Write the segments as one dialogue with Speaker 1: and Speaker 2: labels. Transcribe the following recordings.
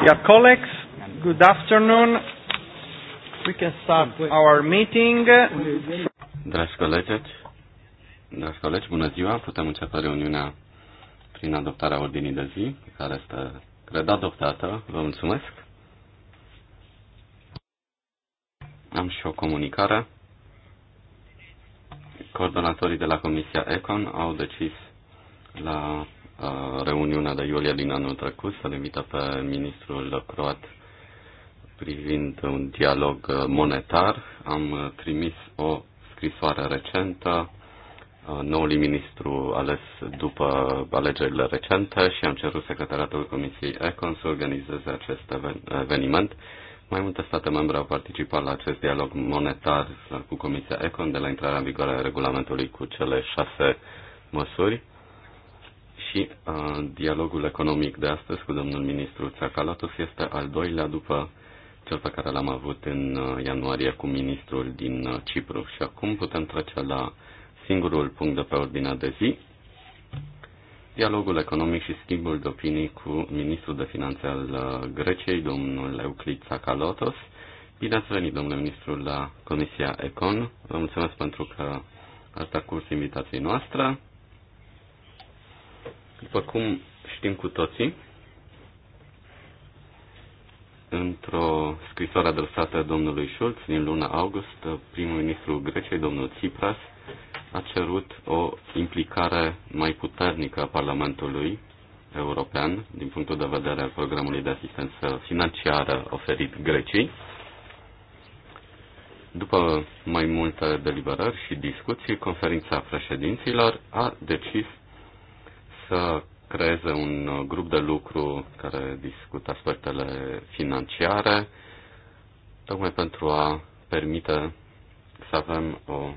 Speaker 1: Dear colleagues, good afternoon. We can start our meeting.
Speaker 2: Dragi colegi, dragi colegi, bună ziua. Putem începe reuniunea prin adoptarea ordinii de zi, care este, cred, adoptată. Vă mulțumesc. Am și o comunicare. Coordonatorii de la Comisia Econ au decis la Uh, reuniunea de iulie din anul trecut, să-l invită pe ministrul croat privind un dialog uh, monetar. Am uh, trimis o scrisoare recentă noului ministru ales după alegerile recente și am cerut secretariatul Comisiei ECON să organizeze acest eveniment. Mai multe state membre au participat la acest dialog monetar cu Comisia ECON de la intrarea în vigoare a regulamentului cu cele șase măsuri și uh, dialogul economic de astăzi cu domnul ministru Tsakalatos este al doilea după cel pe care l-am avut în ianuarie cu ministrul din Cipru. Și acum putem trece la singurul punct de pe ordinea de zi, dialogul economic și schimbul de opinii cu ministrul de finanțe al Greciei, domnul Euclid Tsakalotos. Bine ați venit, domnule ministru, la Comisia Econ. Vă mulțumesc pentru că ați acurs invitației noastre. După cum știm cu toții, într-o scrisoare adresată domnului Schulz din luna august, primul ministru Greciei, domnul Tsipras, a cerut o implicare mai puternică a Parlamentului European din punctul de vedere al programului de asistență financiară oferit Greciei. După mai multe deliberări și discuții, conferința președinților a decis să creeze un uh, grup de lucru care discută aspectele financiare, tocmai pentru a permite să avem o,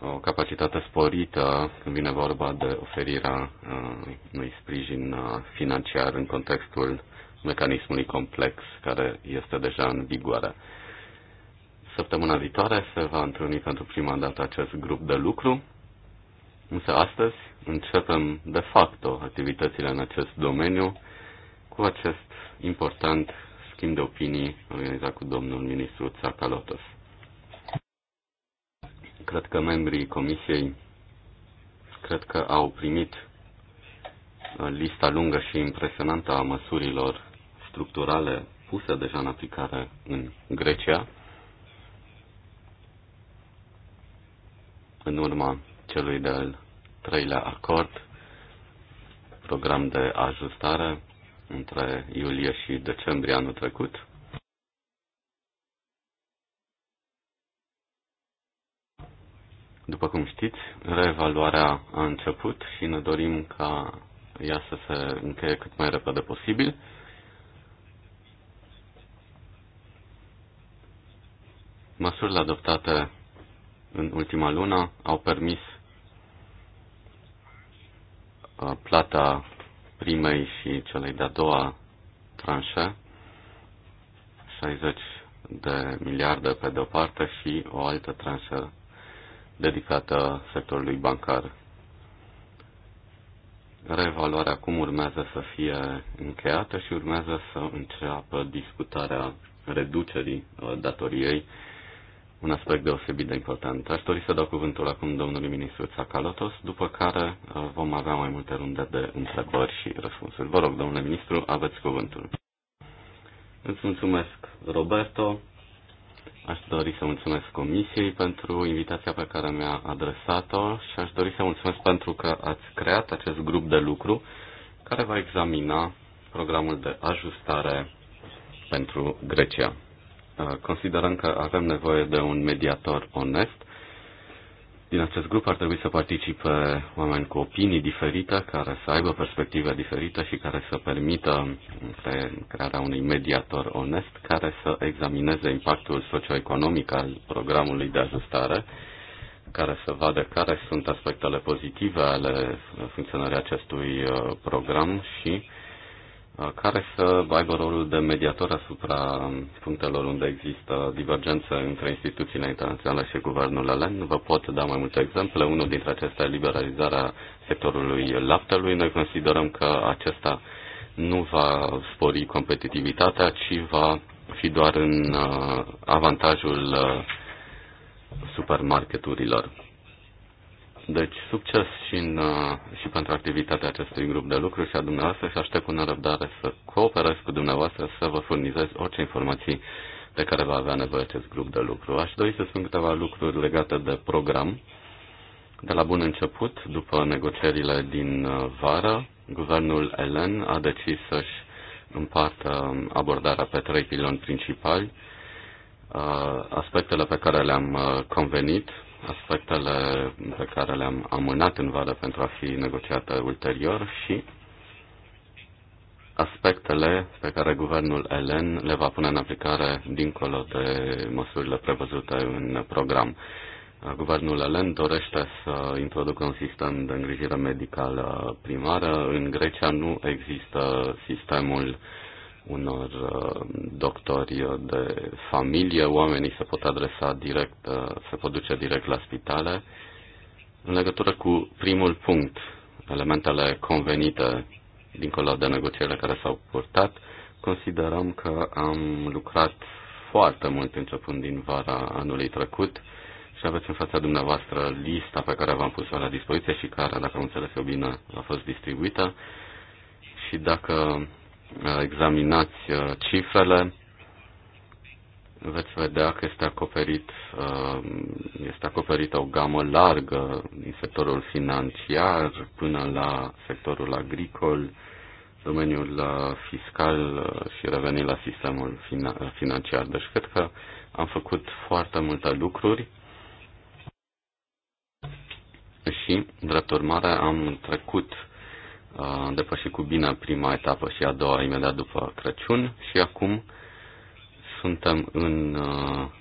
Speaker 2: o capacitate sporită când vine vorba de oferirea uh, unui sprijin uh, financiar în contextul mecanismului complex care este deja în vigoare. Săptămâna viitoare se va întâlni pentru prima dată acest grup de lucru Însă astăzi începem de facto activitățile în acest domeniu cu acest important schimb de opinii organizat cu domnul ministru Tsakalotos. Cred că membrii comisiei cred că au primit uh, lista lungă și impresionantă a măsurilor structurale puse deja în aplicare în Grecia, în urma celui de-al treilea acord, program de ajustare între iulie și decembrie anul trecut. După cum știți, reevaluarea a început și ne dorim ca ea să se încheie cât mai repede posibil. Măsurile adoptate în ultima lună au permis plata primei și celei de-a doua tranșe, 60 de miliarde pe de-o parte și o altă tranșă dedicată sectorului bancar. Reevaluarea acum urmează să fie încheiată și urmează să înceapă discutarea reducerii uh, datoriei un aspect deosebit de important. Aș dori să dau cuvântul acum domnului ministru Tsakalotos, după care uh, vom avea mai multe runde de întrebări și răspunsuri. Vă rog, domnule ministru, aveți cuvântul. Îți mulțumesc, Roberto. Aș dori să mulțumesc Comisiei pentru invitația pe care mi-a adresat-o și aș dori să mulțumesc pentru că ați creat acest grup de lucru care va examina programul de ajustare pentru Grecia. Uh, considerăm că avem nevoie de un mediator onest. Din acest grup ar trebui să participe oameni cu opinii diferite, care să aibă perspective diferite și care să permită crearea unui mediator onest care să examineze impactul socioeconomic al programului de ajustare, care să vadă care sunt aspectele pozitive ale funcționării acestui uh, program și Uh, care să aibă rolul de mediator asupra punctelor unde există divergență între instituțiile internaționale și guvernul elen. Vă pot da mai multe exemple. Unul dintre acestea e liberalizarea sectorului laptelui. Noi considerăm că acesta nu va spori competitivitatea, ci va fi doar în uh, avantajul uh, supermarketurilor. Deci, succes și, în, uh, și pentru activitatea acestui grup de lucru și a dumneavoastră și aștept cu nerăbdare să cooperez cu dumneavoastră să vă furnizez orice informații de care va avea nevoie acest grup de lucru. Aș dori să spun câteva lucruri legate de program. De la bun început, după negocierile din uh, vară, guvernul Elen a decis să-și împartă um, abordarea pe trei piloni principali, uh, aspectele pe care le-am convenit, aspectele pe care le-am amânat în vară pentru a fi negociată ulterior și aspectele pe care guvernul elen le va pune în aplicare dincolo de măsurile prevăzute în program. Guvernul elen dorește să introducă un sistem de îngrijire medicală primară. În Grecia nu există sistemul uh, unor uh, doctori de familie, oamenii se pot adresa direct, uh, se pot duce direct la spitale. În legătură cu primul punct, elementele convenite dincolo de negocierile care s-au purtat, considerăm că am lucrat foarte mult începând din vara anului trecut și aveți în fața dumneavoastră lista pe care v-am pus-o la dispoziție și care, dacă am înțeles eu bine, a fost distribuită. Și dacă examinați uh, cifrele, veți vedea că este, acoperit, uh, este acoperită o gamă largă din sectorul financiar până la sectorul agricol, domeniul uh, fiscal și reveni la sistemul financiar. Deci cred că am făcut foarte multe lucruri și, drept urmare, am trecut depășit cu bine prima etapă și a doua imediat după Crăciun și acum suntem în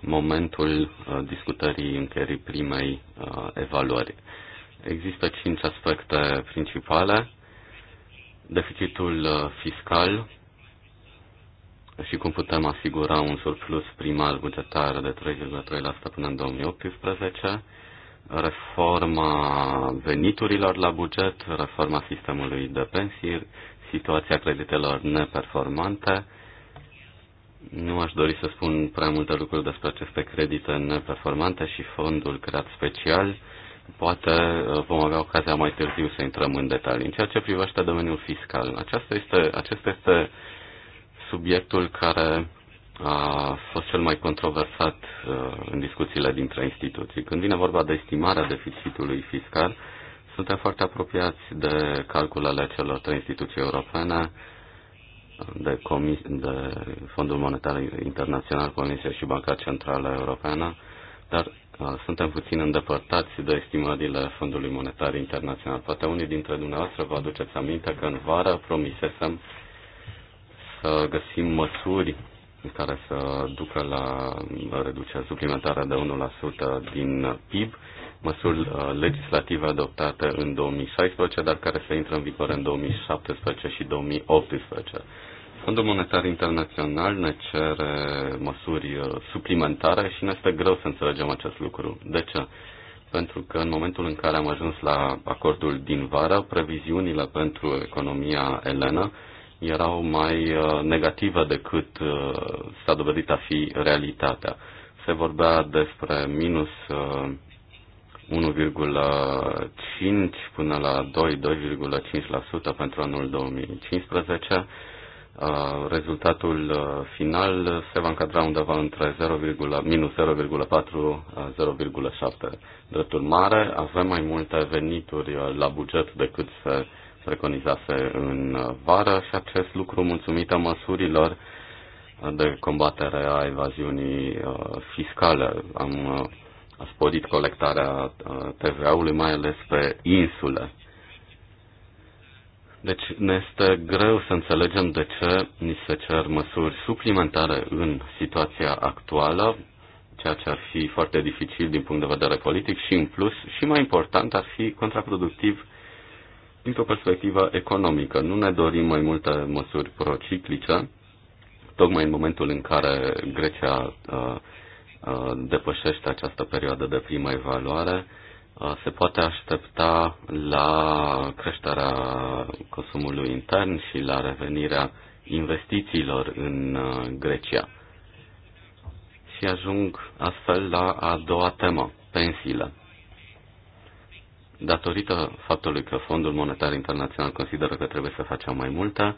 Speaker 2: momentul discutării încheierii primei evaluări. Există cinci aspecte principale. Deficitul fiscal și cum putem asigura un surplus primar bugetar de 3,3% până în 2018, reforma veniturilor la buget, reforma sistemului de pensii, situația creditelor neperformante. Nu aș dori să spun prea multe lucruri despre aceste credite neperformante și fondul creat special. Poate uh, vom avea ocazia mai târziu să intrăm în detalii. În ceea ce privește domeniul fiscal, acesta este, acesta este subiectul care a fost cel mai controversat uh, în discuțiile dintre instituții. Când vine vorba de estimarea deficitului fiscal, suntem foarte apropiați de calculele celor trei instituții europene, de, Comis- de Fondul Monetar Internațional, Comisia și Banca Centrală Europeană, dar uh, suntem puțin îndepărtați de estimările Fondului Monetar Internațional. Poate unii dintre dumneavoastră vă aduceți aminte că în vară promisesem să găsim măsuri care să ducă la reducerea suplimentară de 1% din PIB, măsuri uh, legislative adoptate în 2016, dar care să intre în vigoare în 2017 și 2018. Fondul Monetar Internațional ne cere măsuri uh, suplimentare și ne este greu să înțelegem acest lucru. De ce? Pentru că în momentul în care am ajuns la acordul din vară, previziunile pentru economia elenă erau mai uh, negative decât uh, s-a dovedit a fi realitatea. Se vorbea despre minus 1,5 uh, până la 2-2,5% pentru anul 2015. Rezultatul final se va încadra undeva între 0, minus 0,4-0,7. Drept mare. avem mai multe venituri la buget decât se preconizase în vară și acest lucru mulțumită măsurilor de combatere a evaziunii uh, fiscale. Am uh, sporit colectarea uh, TVA-ului, mai ales pe insule. Deci ne este greu să înțelegem de ce ni se cer măsuri suplimentare în situația actuală, ceea ce ar fi foarte dificil din punct de vedere politic și în plus, și mai important, ar fi contraproductiv dintr-o perspectivă economică. Nu ne dorim mai multe măsuri prociclice, tocmai în momentul în care Grecia uh, uh, depășește această perioadă de primă evaluare, uh, se poate aștepta la creșterea consumului intern și la revenirea investițiilor în uh, Grecia. Și ajung astfel la a doua temă, pensiile datorită faptului că Fondul Monetar Internațional consideră că trebuie să facem mai multe,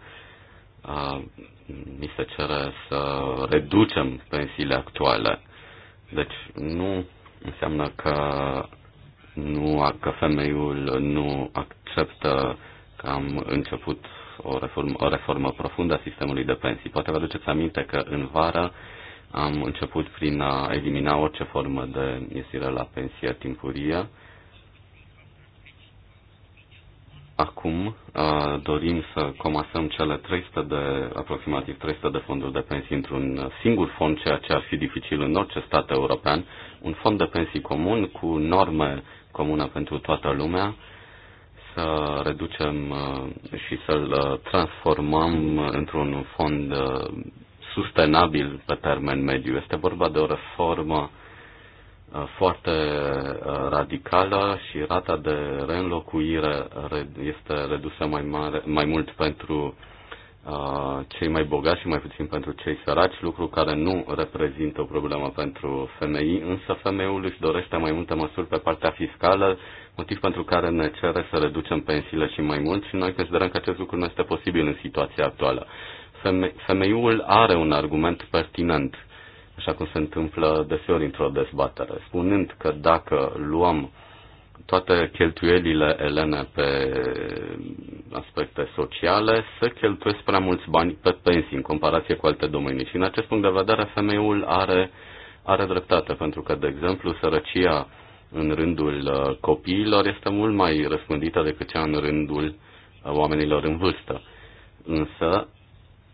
Speaker 2: mi se cere să reducem pensiile actuale. Deci nu înseamnă că nu că femeiul nu acceptă că am început o reformă, o reformă profundă a sistemului de pensii. Poate vă aduceți aminte că în vară am început prin a elimina orice formă de iesire la pensie timpurie Acum uh, dorim să comasăm cele 300 de, aproximativ 300 de fonduri de pensii într-un singur fond, ceea ce ar fi dificil în orice stat european, un fond de pensii comun cu norme comune pentru toată lumea, să reducem uh, și să-l uh, transformăm într-un fond sustenabil pe termen mediu. Este vorba de o reformă Uh, foarte uh, radicală și rata de reînlocuire este redusă mai, mare, mai mult pentru uh, cei mai bogați și mai puțin pentru cei săraci, lucru care nu reprezintă o problemă pentru femei, însă femeiul își dorește mai multe măsuri pe partea fiscală, motiv pentru care ne cere să reducem pensiile și mai mult și noi considerăm că acest lucru nu este posibil în situația actuală. femeiul are un argument pertinent așa cum se întâmplă deseori într-o dezbatere, spunând că dacă luăm toate cheltuielile elene pe aspecte sociale, se cheltuiesc prea mulți bani pe pensii în comparație cu alte domenii. Și în acest punct de vedere, femeiul are, are dreptate, pentru că, de exemplu, sărăcia în rândul uh, copiilor este mult mai răspândită decât cea în rândul uh, oamenilor în vârstă. Însă,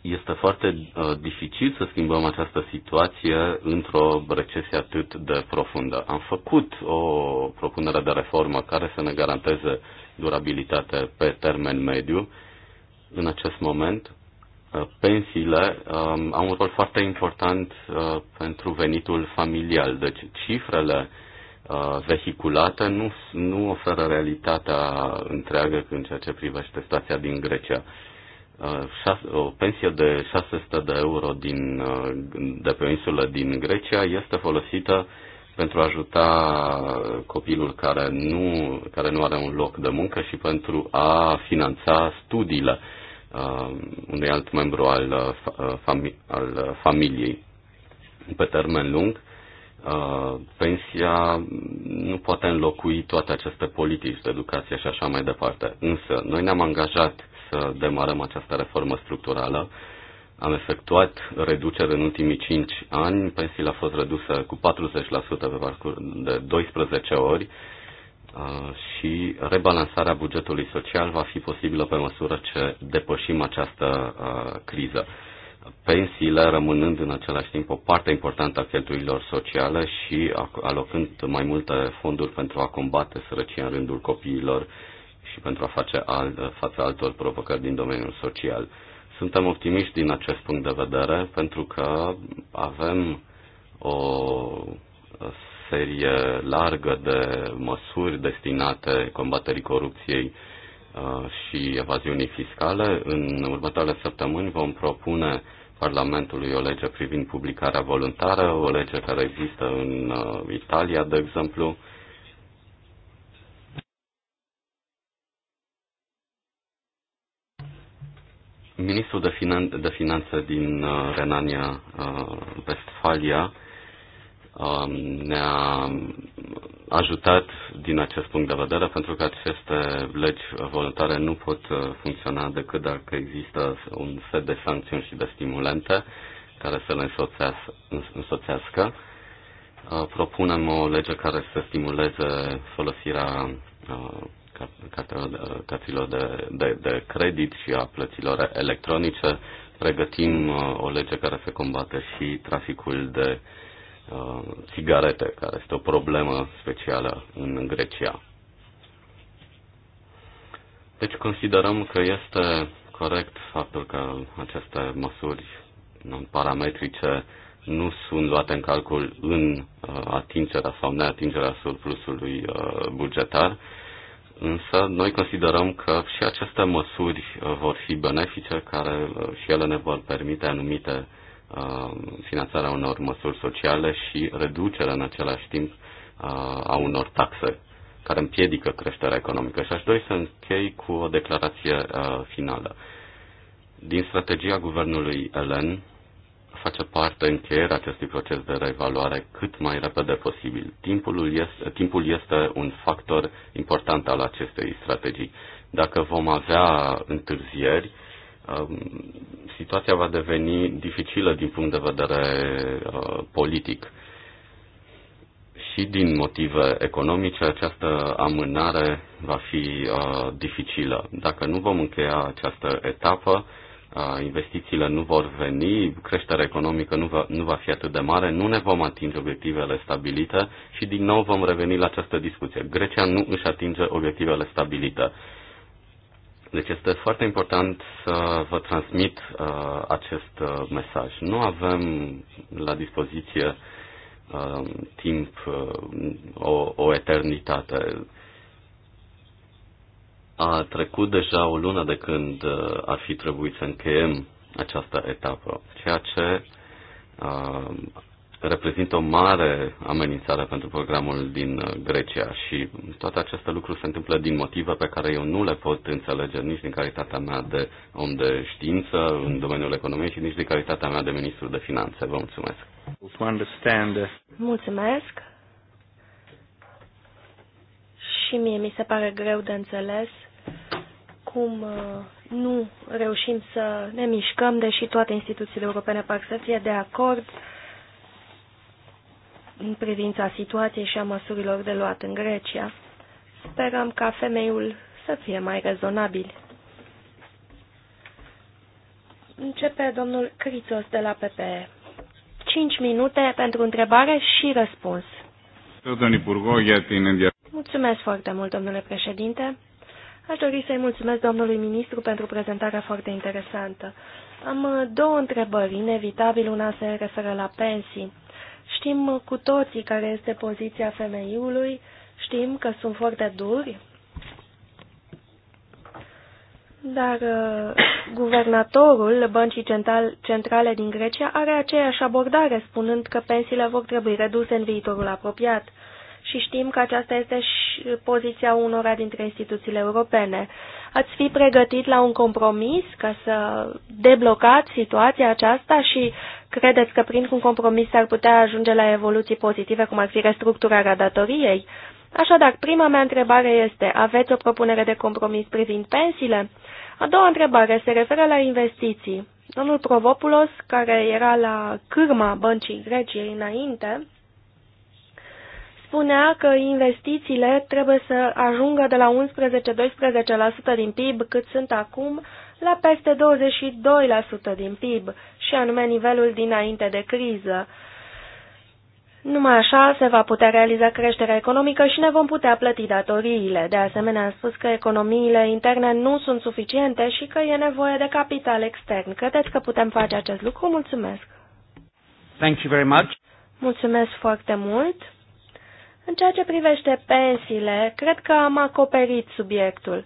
Speaker 2: este foarte uh, dificil să schimbăm această situație într-o recesie atât de profundă. Am făcut o propunere de reformă care să ne garanteze durabilitate pe termen mediu. În acest moment, uh, pensiile um, au un rol foarte important uh, pentru venitul familial. Deci cifrele uh, vehiculate nu, nu oferă realitatea întreagă în ceea ce privește stația din Grecia. Uh, o pensie de 600 de euro din, de pe o insulă din Grecia este folosită pentru a ajuta copilul care nu, care nu are un loc de muncă și pentru a finanța studiile uh, unui alt membru al, uh, uh fami- al uh, familiei. Pe termen lung, uh, pensia nu poate înlocui toate aceste politici de educație și așa mai departe. Însă, noi ne-am angajat să demarăm această reformă structurală. Am efectuat reduceri în ultimii 5 ani, pensiile a fost redusă cu 40% pe parcurs de 12 ori uh, și rebalansarea bugetului social va fi posibilă pe măsură ce depășim această uh, criză pensiile rămânând în același timp o parte importantă a cheltuielilor sociale și alocând mai multe fonduri pentru a combate sărăcia în rândul copiilor și pentru a face al, față altor provocări din domeniul social. Suntem optimiști din acest punct de vedere pentru că avem o serie largă de măsuri destinate combaterii corupției uh, și evaziunii fiscale. În următoarele săptămâni vom propune Parlamentului o lege privind publicarea voluntară, o lege care există în uh, Italia, de exemplu, Ministrul de, Finan- de Finanțe din uh, Renania uh, Westfalia uh, um, ne-a ajutat din acest punct de vedere pentru că aceste legi voluntare nu pot uh, funcționa decât dacă există un set de sancțiuni și de stimulente care să le însoțească. însoțească. Uh, propunem o lege care să stimuleze folosirea uh, cartelor de, de, de credit și a plăților electronice. Pregătim uh, o lege care să combată și traficul de uh, țigarete, care este o problemă specială în Grecia. Deci considerăm că este corect faptul că aceste măsuri parametrice nu sunt luate în calcul în uh, atingerea sau neatingerea surplusului uh, bugetar Însă noi considerăm că și aceste măsuri uh, vor fi benefice, care uh, și ele ne vor permite anumite uh, finanțarea unor măsuri sociale și reducerea în același timp a unor taxe care împiedică creșterea economică. Și aș dori să închei cu o declarație finală. Din strategia guvernului Elen, face parte încheierea acestui proces de reevaluare cât mai repede posibil. Timpul este, timpul este un factor important al acestei strategii. Dacă vom avea întârzieri, um, situația va deveni dificilă din punct de vedere uh, politic. Și din motive economice, această amânare va fi uh, dificilă. Dacă nu vom încheia această etapă, investițiile nu vor veni, creșterea economică nu va, nu va fi atât de mare, nu ne vom atinge obiectivele stabilite și din nou vom reveni la această discuție. Grecia nu își atinge obiectivele stabilite. Deci este foarte important să vă transmit uh, acest uh, mesaj. Nu avem la dispoziție uh, timp, uh, o, o eternitate. A trecut deja o lună de când uh, ar fi trebuit să încheiem această etapă, ceea ce a, uh, reprezintă o mare amenințare pentru programul din uh, Grecia și toate aceste lucruri se întâmplă din motive pe care eu nu le pot înțelege nici din calitatea mea de om de știință în domeniul economiei și nici din calitatea mea de ministru de finanțe. Vă mulțumesc.
Speaker 1: Mulțumesc. Și mie mi se pare greu de înțeles cum uh, nu reușim să ne mișcăm, deși toate instituțiile europene par să fie de acord în privința situației și a măsurilor de luat în Grecia. Sperăm ca femeiul să fie mai rezonabil. Începe domnul Crițos de la PPE. 5 minute pentru întrebare și răspuns. Mulțumesc foarte mult, domnule președinte. Aș dori să-i mulțumesc domnului ministru pentru prezentarea foarte interesantă. Am uh, două întrebări. Inevitabil una se referă la pensii. Știm cu toții care este poziția femeiului, știm că sunt foarte duri, dar uh, guvernatorul Băncii central, Centrale din Grecia are aceeași abordare, spunând că pensiile vor trebui reduse în viitorul apropiat și știm că aceasta este și poziția unora dintre instituțiile europene. Ați fi pregătit la un compromis ca să deblocați situația aceasta și credeți că prin un compromis s-ar putea ajunge la evoluții pozitive, cum ar fi restructurarea datoriei? Așadar, prima mea întrebare este, aveți o propunere de compromis privind pensiile? A doua întrebare se referă la investiții. Domnul Provopulos, care era la cârma băncii Greciei înainte, spunea că investițiile trebuie să ajungă de la 11-12% din PIB, cât sunt acum, la peste 22% din PIB, și anume nivelul dinainte de criză. Numai așa se va putea realiza creșterea economică și ne vom putea plăti datoriile. De asemenea, a spus că economiile interne nu sunt suficiente și că e nevoie de capital extern. Credeți că putem face acest lucru? Mulțumesc!
Speaker 2: Thank you very much.
Speaker 1: Mulțumesc foarte mult! În ceea ce privește pensiile, cred că am acoperit subiectul.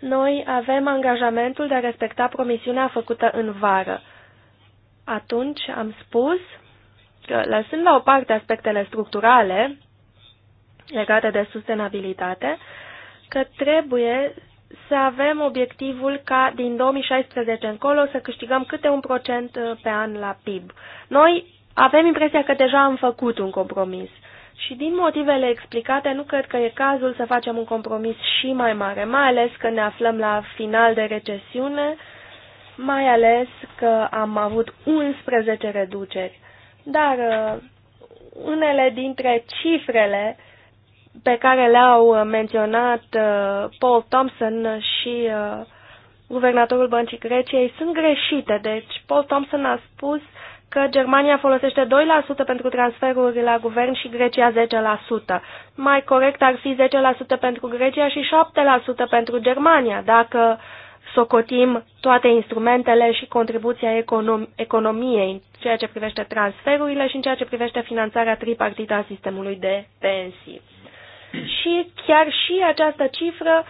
Speaker 1: Noi avem angajamentul de a respecta promisiunea făcută în vară. Atunci am spus că, lăsând la o parte aspectele structurale legate de sustenabilitate, că trebuie să avem obiectivul ca din 2016 încolo să câștigăm câte un procent uh, pe an la PIB. Noi avem impresia că deja am făcut un compromis. Și din motivele explicate, nu cred că e cazul să facem un compromis și mai mare, mai ales că ne aflăm la final de recesiune, mai ales că am avut 11 reduceri. Dar uh, unele dintre cifrele pe care le-au uh, menționat uh, Paul Thompson și guvernatorul Băncii Greciei sunt greșite. Deci Paul Thompson a spus uh, că Germania folosește 2% pentru transferuri la guvern și Grecia 10%. Mai corect ar fi 10% pentru Grecia și 7% pentru Germania, dacă socotim toate instrumentele și contribuția econom economiei în ceea ce privește transferurile și în ceea ce privește finanțarea tripartită a sistemului de pensii. Și chiar și această cifră uh,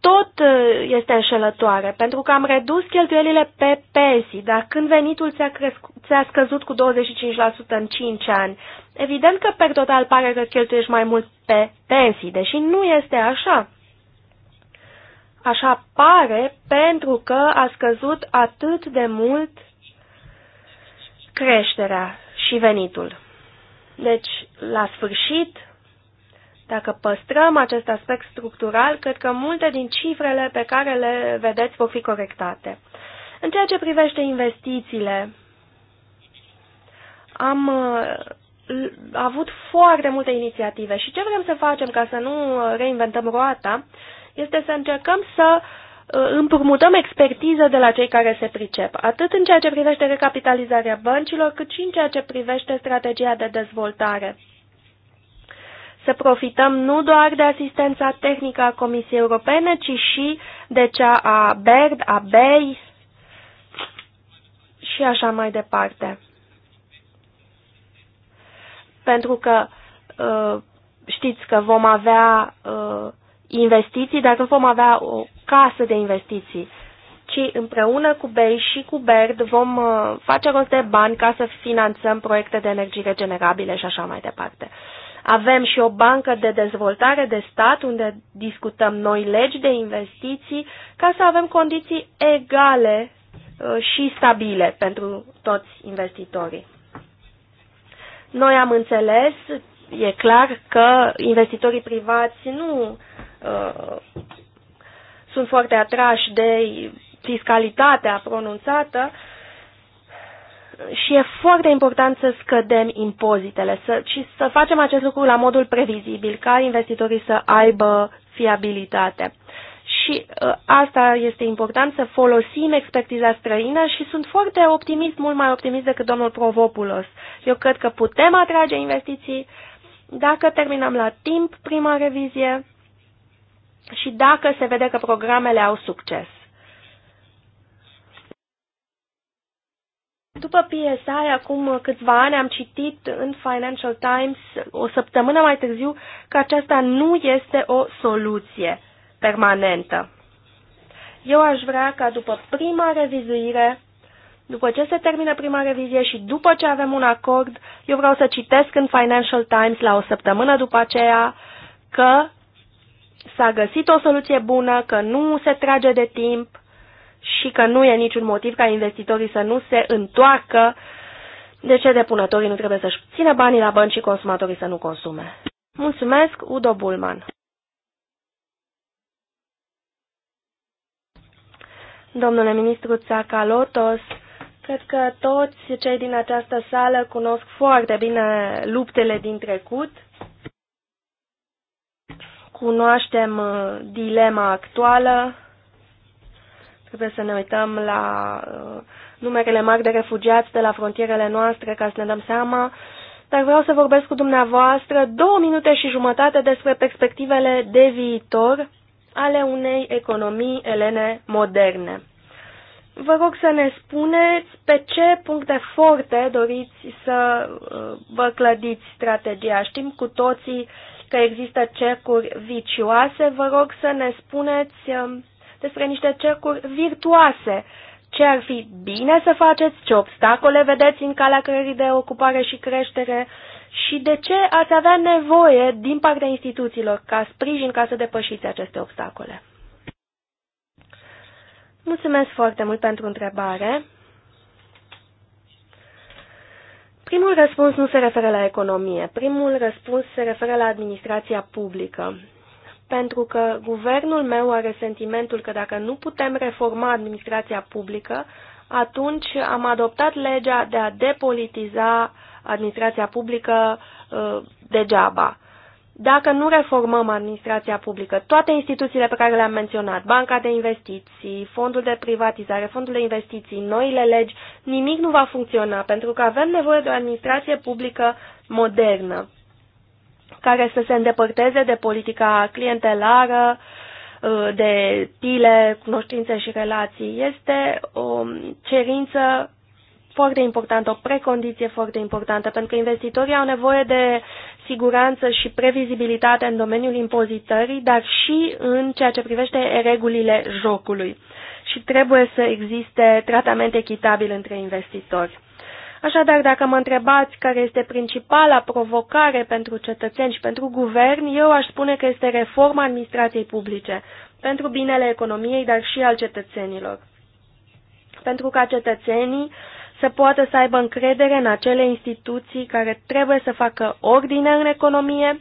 Speaker 1: tot ă, este înșelătoare, pentru că am redus cheltuielile pe pensii, dar când venitul ți-a, ți-a scăzut cu 25% în 5 ani, evident că pe total pare că cheltuiești mai mult pe pensii, deși nu este așa. Așa pare pentru că a scăzut atât de mult creșterea și venitul. Deci, la sfârșit, dacă păstrăm acest aspect structural, cred că multe din cifrele pe care le vedeți vor fi corectate. În ceea ce privește investițiile, am uh, avut foarte multe inițiative și ce vrem să facem ca să nu reinventăm roata este să încercăm să uh, împrumutăm expertiză de la cei care se pricep, atât în ceea ce privește recapitalizarea băncilor, cât și în ceea ce privește strategia de dezvoltare să profităm nu doar de asistența tehnică a Comisiei Europene, ci și de cea a BERD, a BEI și așa mai departe. Pentru că uh, știți că vom avea uh, investiții, dar nu vom avea o casă de investiții, ci împreună cu BEI și cu BERD vom uh, face rost de bani ca să finanțăm proiecte de energie regenerabile și așa mai departe. Avem și o bancă de dezvoltare de stat unde discutăm noi legi de investiții ca să avem condiții egale uh, și stabile pentru toți investitorii. Noi am înțeles, e clar că investitorii privați nu uh, sunt foarte atrași de fiscalitatea pronunțată, și e foarte important să scădem impozitele să, și să facem acest lucru la modul previzibil, ca investitorii să aibă fiabilitate. Și uh, asta este important, să folosim expertiza străină și sunt foarte optimist, mult mai optimist decât domnul Provopulos. Eu cred că putem atrage investiții dacă terminăm la timp prima revizie și dacă se vede că programele au succes. După PSI, acum câțiva ani, am citit în Financial Times o săptămână mai târziu că aceasta nu este o soluție permanentă. Eu aș vrea ca după prima revizuire, după ce se termină prima revizie și după ce avem un acord, eu vreau să citesc în Financial Times la o săptămână după aceea că s-a găsit o soluție bună, că nu se trage de timp, și că nu e niciun motiv ca investitorii să nu se întoarcă, de ce depunătorii nu trebuie să-și țină banii la bănci și consumatorii să nu consume. Mulțumesc, Udo Bulman. Domnule ministru Tsakalotos, cred că toți cei din această sală cunosc foarte bine luptele din trecut. Cunoaștem uh, dilema actuală Trebuie să ne uităm la uh, numerele mari de refugiați de la frontierele noastre ca să ne dăm seama, dar vreau să vorbesc cu dumneavoastră două minute și jumătate despre perspectivele de viitor ale unei economii elene moderne. Vă rog să ne spuneți pe ce puncte forte doriți să uh, vă clădiți strategia. Știm cu toții că există cercuri vicioase. Vă rog să ne spuneți um, despre niște cercuri virtuoase. Ce ar fi bine să faceți, ce obstacole vedeți în calea creării de ocupare și creștere și de ce ați avea nevoie din partea instituțiilor ca sprijin ca să depășiți aceste obstacole. Mulțumesc foarte mult pentru întrebare. Primul răspuns nu se referă la economie. Primul răspuns se referă la administrația publică pentru că guvernul meu are sentimentul că dacă nu putem reforma administrația publică, atunci am adoptat legea de a depolitiza administrația publică uh, degeaba. Dacă nu reformăm administrația publică, toate instituțiile pe care le-am menționat, Banca de Investiții, Fondul de Privatizare, Fondul de Investiții, noile legi, nimic nu va funcționa, pentru că avem nevoie de o administrație publică modernă care să se îndepărteze de politica clientelară, uh, de pile, cunoștințe și relații. Este o cerință foarte importantă, o precondiție foarte importantă, pentru că investitorii au nevoie de siguranță și previzibilitate în domeniul impozitării, dar și în ceea ce privește regulile jocului. Și trebuie să existe tratament echitabil între investitori. Așadar, dacă mă întrebați care este principala provocare pentru cetățeni și pentru guvern, eu aș spune că este reforma administrației publice, pentru binele economiei, dar și al cetățenilor. Pentru ca cetățenii să poată să aibă încredere în acele instituții care trebuie să facă ordine în economie,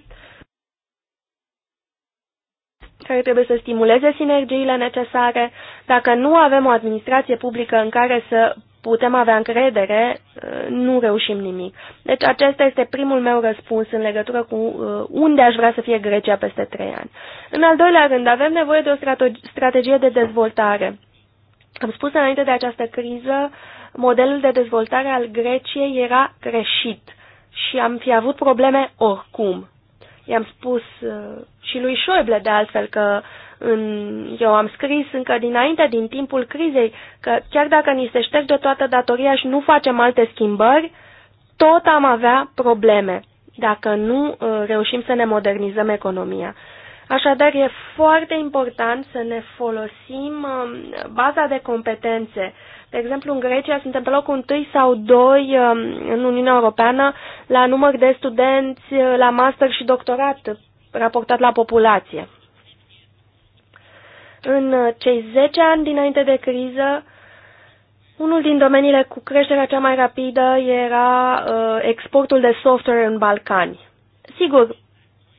Speaker 1: care trebuie să stimuleze sinergiile necesare. Dacă nu avem o administrație publică în care să putem avea încredere, uh, nu reușim nimic. Deci acesta este primul meu răspuns în legătură cu uh, unde aș vrea să fie Grecia peste trei ani. În al doilea rând, avem nevoie de o strategie de dezvoltare. Am spus înainte de această criză, modelul de dezvoltare al Greciei era greșit și am fi avut probleme oricum. I-am spus uh, și lui Șoeble de altfel că uh, în, eu am scris încă dinainte, din timpul crizei, că chiar dacă ni se șterge toată datoria și nu facem alte schimbări, tot am avea probleme dacă nu uh, reușim să ne modernizăm economia. Așadar, e foarte important să ne folosim um, baza de competențe. De exemplu, în Grecia suntem pe locul 1 sau doi um, în Uniunea Europeană la număr de studenți la master și doctorat raportat la populație. În uh, cei 10 ani dinainte de criză, unul din domeniile cu creșterea cea mai rapidă era uh, exportul de software în Balcani. Sigur,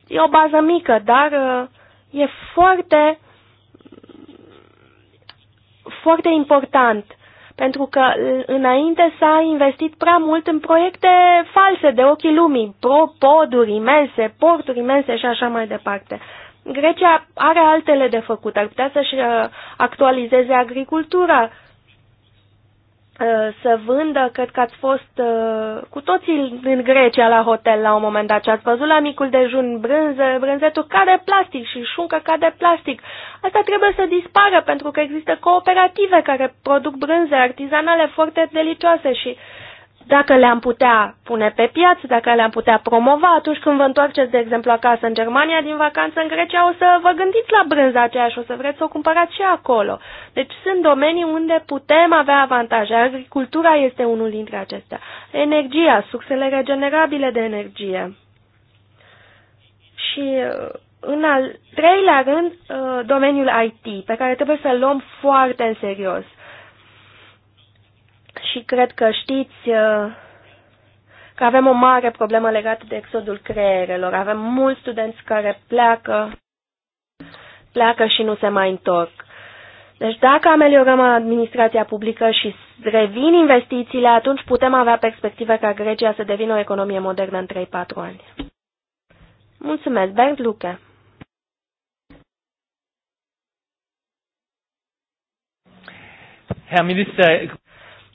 Speaker 1: e o bază mică, dar uh, e foarte, foarte important, pentru că uh, înainte s-a investit prea mult în proiecte false de ochii lumii, pro poduri imense, porturi imense și așa mai departe. Grecia are altele de făcut, ar putea să-și uh, actualizeze agricultura, uh, să vândă, cred că ați fost uh, cu toții în Grecia la hotel la un moment dat și ați văzut la micul dejun brânză, brânzetul ca de plastic și șuncă ca de plastic. Asta trebuie să dispară pentru că există cooperative care produc brânze artizanale foarte delicioase și uh, dacă le-am putea pune pe piață, dacă le-am putea promova, atunci când vă întoarceți, de exemplu, acasă în Germania, din vacanță în Grecia, o să vă gândiți la brânza aceea și o să vreți să o cumpărați și acolo. Deci sunt domenii unde putem avea avantaje. Agricultura este unul dintre acestea. Energia, sursele regenerabile de energie. Și uh, în al treilea rând, uh, domeniul IT, pe care trebuie să-l luăm foarte în serios și cred că știți uh, că avem o mare problemă legată de exodul creierelor. Avem mulți studenți care pleacă, pleacă și nu se mai întorc. Deci dacă ameliorăm administrația publică și revin investițiile, atunci putem avea perspective ca Grecia să devină o economie modernă în 3-4 ani. Mulțumesc, Bernd Luke.
Speaker 2: Herr Minister,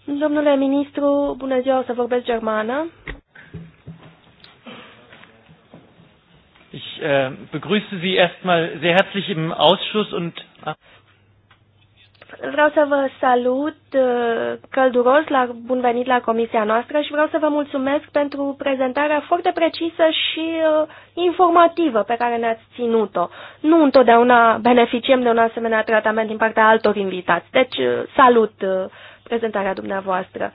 Speaker 1: Domnule ministru, bună ziua, o să vorbesc germană.
Speaker 2: Ich äh, begrüße Sie erstmal sehr herzlich im Ausschuss und
Speaker 1: Vreau să vă salut uh, călduros, la bun venit la comisia noastră și vreau să vă mulțumesc pentru prezentarea foarte precisă și uh, informativă pe care ne-ați ținut-o. Nu întotdeauna beneficiem de un asemenea tratament din partea altor invitați, deci uh, salut uh, prezentarea dumneavoastră.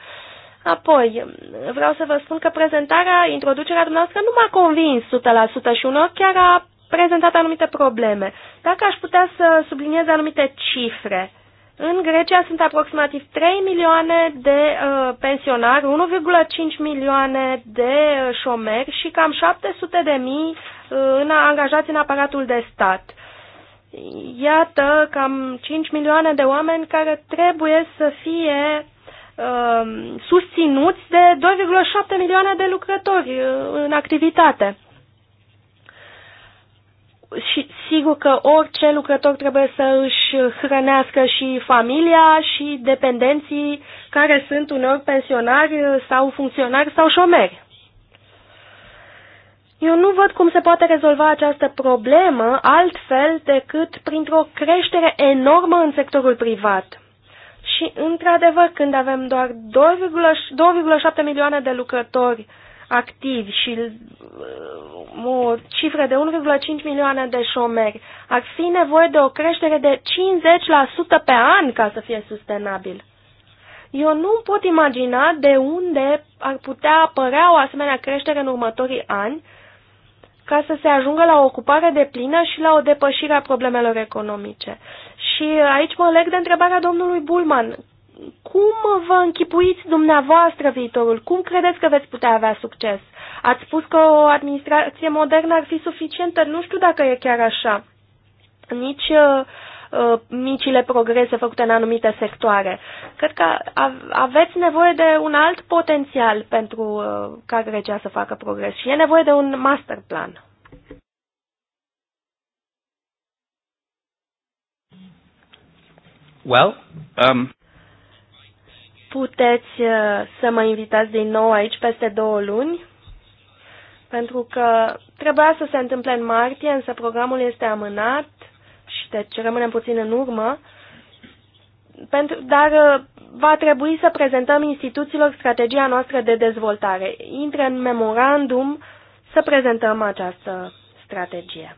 Speaker 1: Apoi, vreau să vă spun că prezentarea, introducerea dumneavoastră nu m-a convins 100% și unor chiar a prezentat anumite probleme. Dacă aș putea să subliniez anumite cifre, în Grecia sunt aproximativ 3 milioane de uh, pensionari, 1,5 milioane de uh, șomeri și cam 700 de mii uh, angajați în aparatul de stat. Uh, Iată cam 5 milioane de oameni care trebuie să fie uh, susținuți de 2,7 milioane de lucrători uh, în activitate și sigur că orice lucrător trebuie să își hrănească și familia și dependenții care sunt uneori pensionari uh, sau funcționari sau șomeri. Eu nu văd cum se poate rezolva această problemă altfel decât printr-o creștere enormă în sectorul privat. Și, într-adevăr, când avem doar 2,7 milioane de lucrători activi și uh, o cifră de 1,5 milioane de șomeri, ar fi nevoie de o creștere de 50% pe an ca să fie sustenabil. Eu nu pot imagina de unde ar putea apărea o asemenea creștere în următorii ani ca să se ajungă la o ocupare de plină și la o depășire a problemelor economice. Și aici mă leg de întrebarea domnului Bulman. Cum vă închipuiți dumneavoastră viitorul? Cum credeți că veți putea avea succes? Ați spus că o administrație modernă ar fi suficientă. Nu știu dacă e chiar așa. Nici uh, Uh, micile progrese făcute în anumite sectoare. Cred că aveți nevoie de un alt potențial pentru uh, ca Grecia să facă progres și e nevoie de un master plan.
Speaker 3: Well, um...
Speaker 1: Puteți uh, să mă invitați din nou aici peste două luni? Pentru că trebuia să se întâmple în martie, însă programul este amânat ce rămânem puțin în urmă, pentru, dar uh, va trebui să prezentăm instituțiilor strategia noastră de dezvoltare. Intre în memorandum să prezentăm această strategie.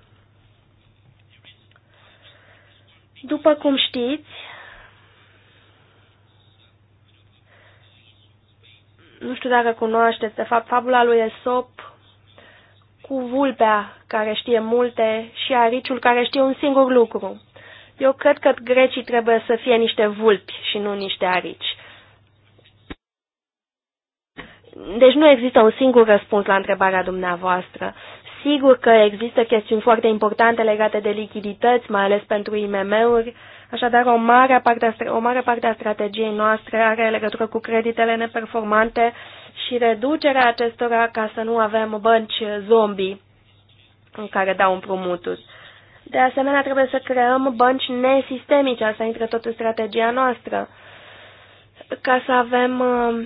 Speaker 1: După cum știți, nu știu dacă cunoașteți, de fapt, fabula lui Esop cu vulpea care știe multe și ariciul care știe un singur lucru. Eu cred că grecii trebuie să fie niște vulpi și nu niște arici. Deci nu există un singur răspuns la întrebarea dumneavoastră. Sigur că există chestiuni foarte importante legate de lichidități, mai ales pentru IMM-uri, așadar o mare, parte a, o mare parte a strategiei noastre are legătură cu creditele neperformante și reducerea acestora ca să nu avem bănci zombi în care dau împrumuturi. De asemenea, trebuie să creăm bănci nesistemice, asta intră tot în strategia noastră, ca să avem uh,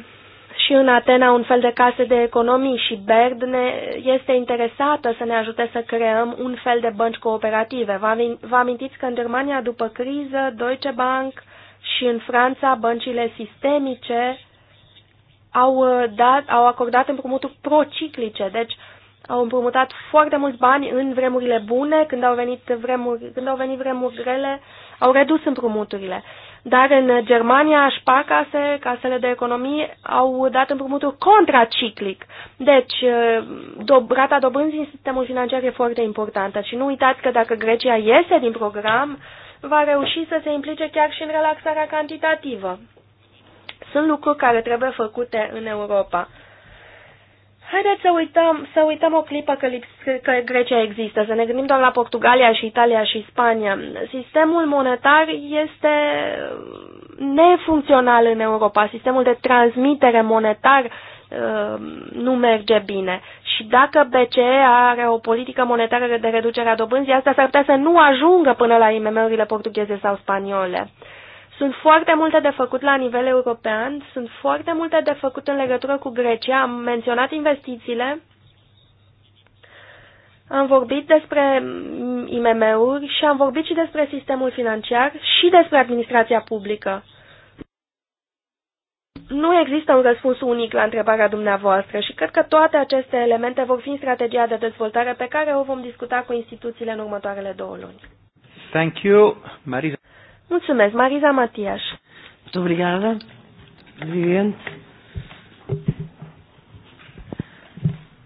Speaker 1: și în Atena un fel de case de economii și BERD ne este interesată să ne ajute să creăm un fel de bănci cooperative. Vă amintiți că în Germania, după criză, Deutsche Bank și în Franța, băncile sistemice au, uh, dat, au acordat împrumuturi prociclice, deci au împrumutat foarte mulți bani în vremurile bune, când au venit vremuri, când au venit vremuri grele, au redus împrumuturile. Dar în Germania, șpacase, casele de economie au dat împrumuturi contraciclic. Deci, uh, do, rata dobânzii în sistemul financiar e foarte importantă și nu uitați că dacă Grecia iese din program, va reuși să se implice chiar și în relaxarea cantitativă. Sunt lucruri care trebuie făcute în Europa. Haideți să uităm, să uităm o clipă că, că Grecia există, să ne gândim doar la Portugalia și Italia și Spania. Sistemul monetar este nefuncțional în Europa. Sistemul de transmitere monetar uh, nu merge bine. Și dacă BCE are o politică monetară de reducere a dobânzii, asta s-ar putea să nu ajungă până la IMM-urile portugheze sau spaniole. Uh, sunt foarte multe de făcut la nivel european, sunt foarte multe de făcut în legătură cu Grecia, am menționat investițiile, am vorbit despre IMM-uri și am vorbit și despre sistemul financiar și despre administrația publică. Nu există un răspuns unic la întrebarea dumneavoastră și cred că toate aceste elemente vor fi în strategia de dezvoltare pe care o vom discuta cu instituțiile în următoarele două luni. Thank you, Marisa. Mulțumesc, Mariza Matias. Obrigada, presidente.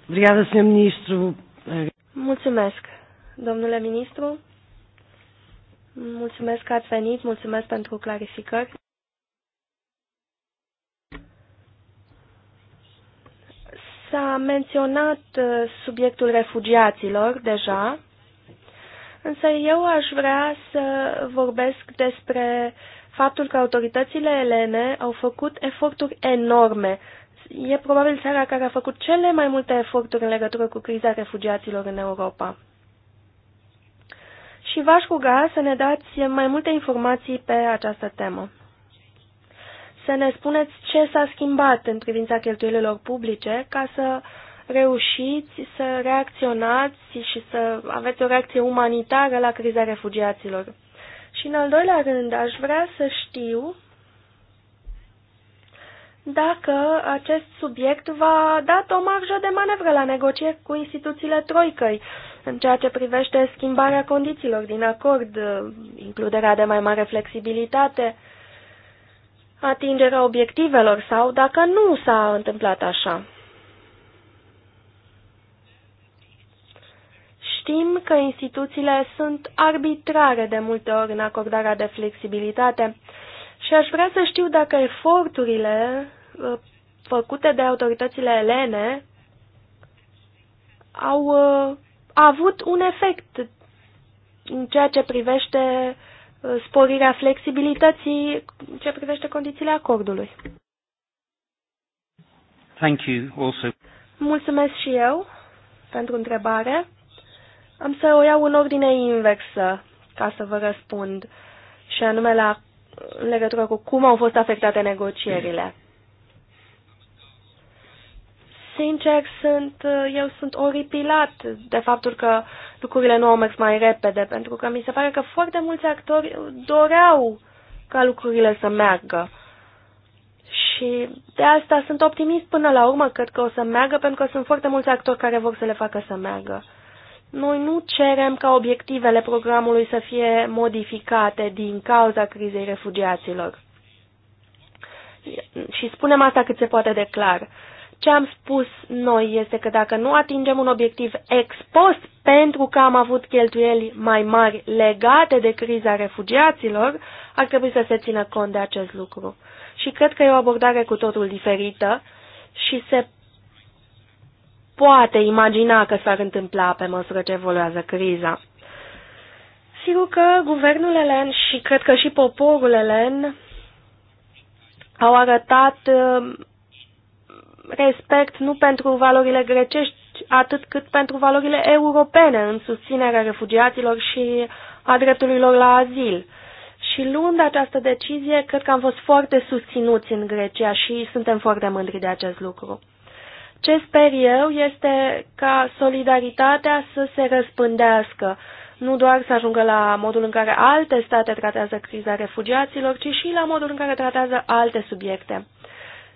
Speaker 1: Obrigada, senhor ministru. Mulțumesc, domnule ministru. Mulțumesc că ați venit, mulțumesc pentru clarificări. S-a menționat uh, subiectul refugiaților deja. Însă eu aș vrea să vorbesc despre faptul că autoritățile elene au făcut eforturi enorme. E probabil țara care a făcut cele mai multe eforturi în legătură cu criza refugiaților în Europa. Și v-aș ruga să ne dați mai multe informații pe această temă. Să ne spuneți ce s-a schimbat în privința cheltuielilor publice ca să uh, reușiți să reacționați și să aveți o reacție umanitară la criza refugiaților. Și în al doilea rând, aș vrea să știu dacă acest subiect va da o marjă de manevră la negocieri cu instituțiile troicăi în ceea ce privește schimbarea condițiilor din acord, includerea de mai mare flexibilitate, atingerea obiectivelor sau dacă nu s-a întâmplat așa. Știm că instituțiile sunt arbitrare de multe ori în acordarea de flexibilitate și aș vrea să știu dacă eforturile uh, făcute de autoritățile elene au uh, avut un efect în ceea ce privește uh, sporirea flexibilității, în ce privește condițiile acordului.
Speaker 2: Thank you also.
Speaker 1: Mulțumesc și eu pentru întrebare. Am să o iau în ordine inversă ca să vă răspund, și anume la, în legătură cu cum au fost afectate negocierile. Sincer, sunt, eu sunt oripilat de faptul că lucrurile nu au mers mai repede, pentru că mi se pare că foarte mulți actori doreau ca lucrurile să meargă. Și de asta sunt optimist până la urmă, cred că o să meargă, pentru că sunt foarte mulți actori care vor să le facă să meargă. Noi nu cerem ca obiectivele programului să fie modificate din cauza crizei refugiaților. Și spunem asta cât se poate de clar. Ce am spus noi este că dacă nu atingem un obiectiv expost pentru că am avut cheltuieli mai mari legate de criza refugiaților, ar trebui să se țină cont de acest lucru. Și cred că e o abordare cu totul diferită și se poate imagina că s-ar întâmpla pe măsură ce evoluează criza. Sigur că guvernul elen și cred că și poporul elen au arătat uh, respect nu pentru valorile grecești, atât cât pentru valorile europene în susținerea refugiaților și a dreptului lor la azil. Și luând această decizie, cred că am fost foarte susținuți în Grecia și suntem foarte mândri de acest lucru. Ce sper eu este ca solidaritatea să se răspândească, nu doar să ajungă la modul în care alte state tratează criza refugiaților, ci și la modul în care tratează alte subiecte.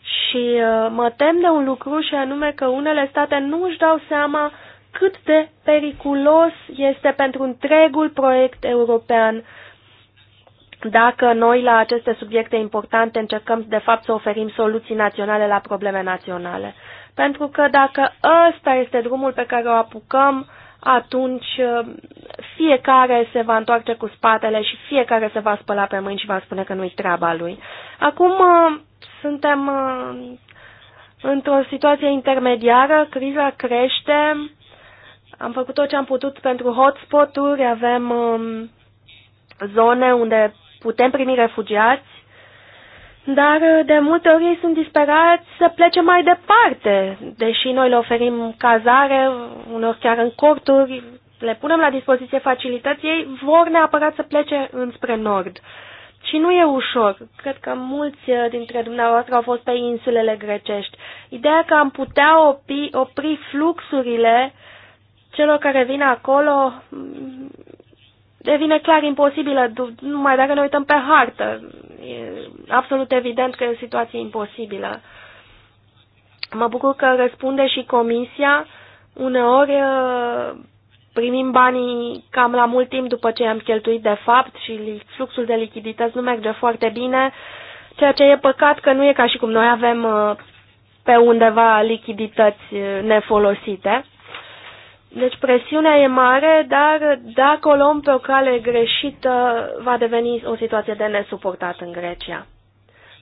Speaker 1: Și uh, mă tem de un lucru și anume că unele state nu își dau seama cât de periculos este pentru întregul proiect european dacă noi la aceste subiecte importante încercăm de fapt să oferim soluții naționale la probleme naționale. Pentru că dacă ăsta este drumul pe care o apucăm, atunci uh, fiecare se va întoarce cu spatele și fiecare se va spăla pe mâini și va spune că nu-i treaba lui. Acum uh, suntem uh, într-o situație intermediară, criza crește, am făcut tot ce am putut pentru hotspot-uri, avem um, zone unde putem primi refugiați, dar uh, de multe ori ei sunt disperați să plece mai departe, deși noi le oferim cazare, unor chiar în corturi, le punem la dispoziție facilități, ei vor neapărat să plece înspre nord. Și nu e ușor. Cred că mulți uh, dintre dumneavoastră au fost pe insulele grecești. Ideea că am putea opri, opri fluxurile celor care vin acolo
Speaker 2: mm,
Speaker 1: devine clar imposibilă, numai dacă ne uităm pe hartă. E absolut evident că e o situație imposibilă. Mă bucur că răspunde și comisia. Uneori uh, primim banii cam la mult timp după ce i-am cheltuit de fapt și fluxul de lichidități nu merge foarte bine, ceea ce e păcat că nu e ca și cum noi avem uh, pe undeva lichidități uh, nefolosite. Deci presiunea e mare, dar dacă o luăm pe o cale greșită, va deveni o situație de nesuportat în Grecia.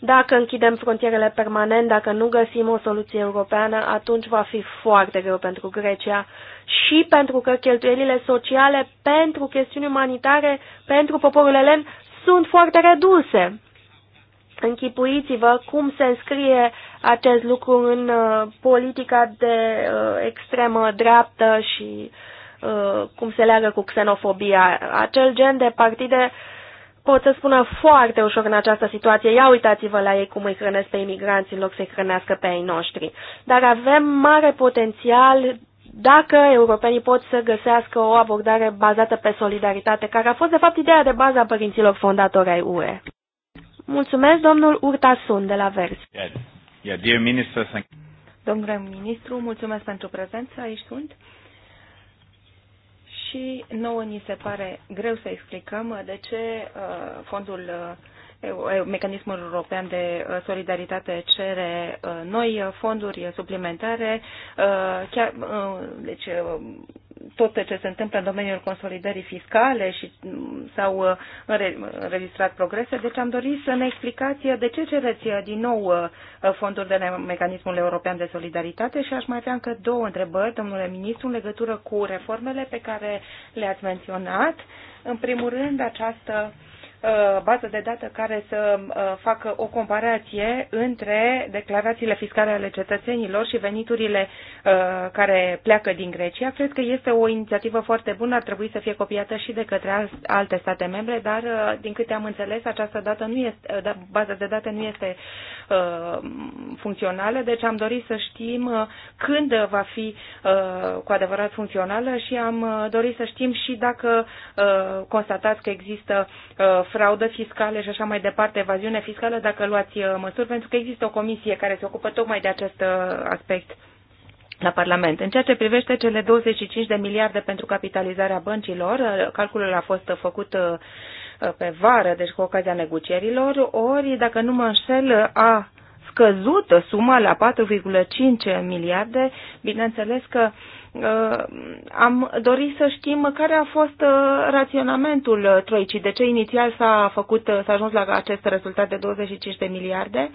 Speaker 1: Dacă închidem frontierele permanent, dacă nu găsim o soluție europeană, atunci va fi foarte greu pentru Grecia și pentru că cheltuielile sociale pentru chestiuni umanitare, pentru poporul elen, sunt foarte reduse. Închipuiți-vă cum se înscrie acest lucru în uh, politica de uh, extremă dreaptă și uh, cum se leagă cu xenofobia. Acel gen de partide pot să spună foarte ușor în această situație, ia uitați-vă la ei cum îi hrănesc pe imigranți în loc să-i hrănească pe ei noștri. Dar avem mare potențial dacă europenii pot să găsească o abordare bazată pe solidaritate, care a fost de fapt ideea de bază a părinților fondatori ai UE. Mulțumesc, domnul
Speaker 3: Urtasun de la Verzi.
Speaker 2: Yeah. Yeah, dear minister, thank
Speaker 3: Domnule ministru, mulțumesc pentru prezență, aici sunt. Și nouă ni se pare greu să explicăm de ce uh, fondul uh, mecanismul european de uh, solidaritate cere noi fonduri suplimentare, chiar, deci tot ce se întâmplă în domeniul consolidării fiscale și mm, s-au uh, înregistrat progrese. Deci am dorit să ne explicați uh, de ce cereți uh, din nou fonduri de Mecanismul European de Solidaritate și aș mai avea încă două întrebări, domnule ministru, în legătură cu reformele pe care le-ați menționat. În primul rând, această uh, Uh, bază de dată care să uh, facă o comparație între declarațiile fiscale ale cetățenilor și veniturile uh, care pleacă din Grecia. Cred că este o inițiativă foarte bună, ar trebui să fie copiată și de către alte state membre, dar din câte am înțeles, această dată nu este, da, bază de date nu este funcțională, deci am dorit să știm când va fi cu adevărat funcțională și am dorit să știm și dacă constatați că există fraudă fiscală și așa mai departe, evaziune fiscală, dacă luați uh, măsuri, pentru că există o comisie care se ocupă tocmai de acest uh, aspect la Parlament. În ceea ce privește cele 25 de miliarde pentru capitalizarea băncilor, uh, calculul a fost făcut pe vară, deci cu ocazia negocierilor, ori, dacă nu mă înșel, a scăzut suma la 4,5 miliarde. Bineînțeles că uh, Uh, am dorit să știm care a fost uh, raționamentul Troicii, de ce inițial s-a făcut, uh, s-a ajuns la acest rezultat de 25 de miliarde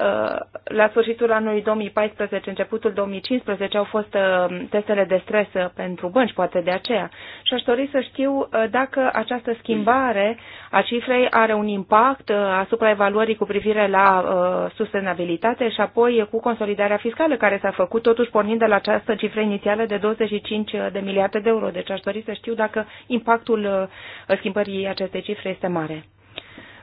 Speaker 3: Uh, la sfârșitul anului 2014, începutul 2015, au fost uh, testele de stres uh, pentru bănci, poate de aceea. Și aș dori să știu dacă această schimbare a cifrei are un impact asupra evaluării cu privire la sustenabilitate și apoi cu consolidarea fiscală care s-a făcut, totuși pornind de la această cifră inițială de 25 de miliarde de euro. Deci aș dori să știu dacă impactul schimbării acestei cifre este mare.